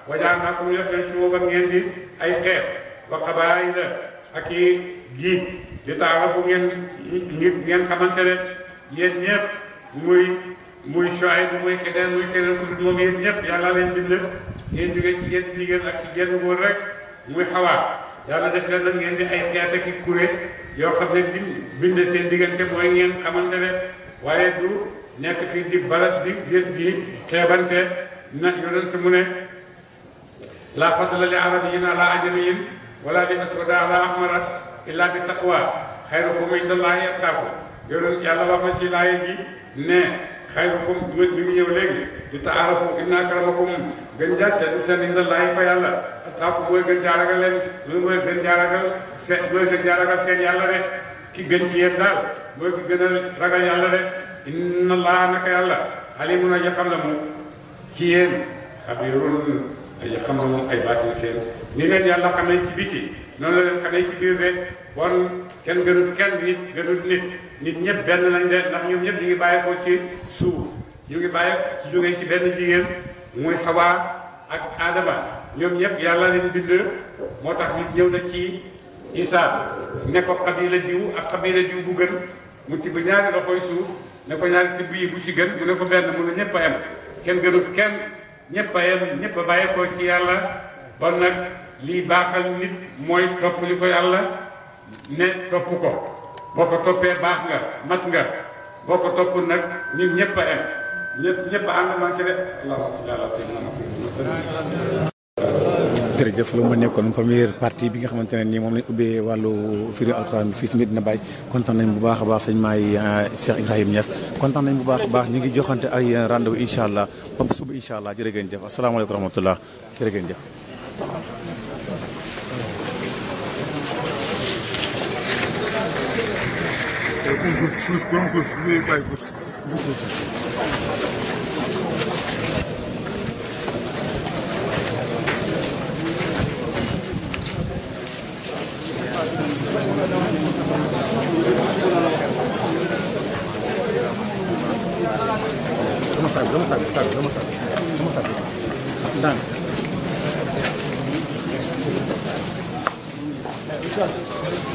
wa ja'alnaakum def leen shuuban ngeen di ay xeet wa qabaa'ila ak i giit li ta'aarafu ngeen ngeen xamante ne yéen ñëpp muy muy Shuayb bu muy keneen muy keneen ku dul moom yéen ñëpp yàlla leen bind ngeen jóge ci génn jigéen ak ci génn góor rek muy Xawaa yàlla def leen nag ngeen di ay xeet ak i kuréel yoo xam ne dim bind seen diggante mooy ngeen xamante rek waaye du nekk fii di balat di gén xeebante na yonent mu ne laa fadla li arabiyyin ala ajamiyyin wala li aswada ala ahmara illa bi taqwa xayrukum indallahi atqaakum yonent yàlla wax na ci laaya ji ne xayrukum mi ngi ñëw léegi di taarafu inna akramakum gën jaa tedd seen indallaahi fa yàlla ataaku mooy gën jaa ragal leen lu mooy gën jaa ragal seen mooy gën jaa ragal seen yàlla de ki gën ci yéen daal mooy ki gën a ragal yàlla de inna allah naka yàlla alimun aji xam la mu ci yéen xabirun aji xam la moom ay baatin seen ni leen yàlla xamee ci noonu la leen xamee ci biir de kenn gënut kenn nit gënut nit nit ñëpp benn lañ de ndax ñoom ñëpp ñu ngi bàyyi ko ci suuf ñu ngi bàyyi ci jógee ci benn jigéen muy xawaa ak aadama ñoom ñëpp yàlla leen bind moo tax nit ñëw na ci isaa ne ko xabila diw ak xabila diw bu gën mu tibb ñaari loxoy suuf ne ko ñaari tibb yi bu ci gën mu ne ko benn mu ne ñëpp a yem kenn gënut kenn ñëpp a yem ñëpp a bàyyi ko ci yàlla ba nag lii baaxal nit mooy topp li ko yàlla ne topp ko boko topé bax nga mat nga boko top nak ñun ñepp ay ñepp ñepp and a ci manqué allah yàlla si jërëjëf lu ma nekkoon première partie bi nga xamante ne nii moom lañ ubbee wàllu firi alxuraan fi si na bay kontaan nañ bu baax a baax sëñ maay ah, Cheikh ibrahim Niass kontaan nañ bu baax a baax ñu ngi joxante ay rendez-vous incha allah ba suba incha allah jërë ngeen jëf asalaamaaleykum wa rahmatullah jërë ngeen jëf Vamos conseguir, vai conseguir. vamos vamos sabe, vamos saber. Vamos Vamos saber. Dá. Isso,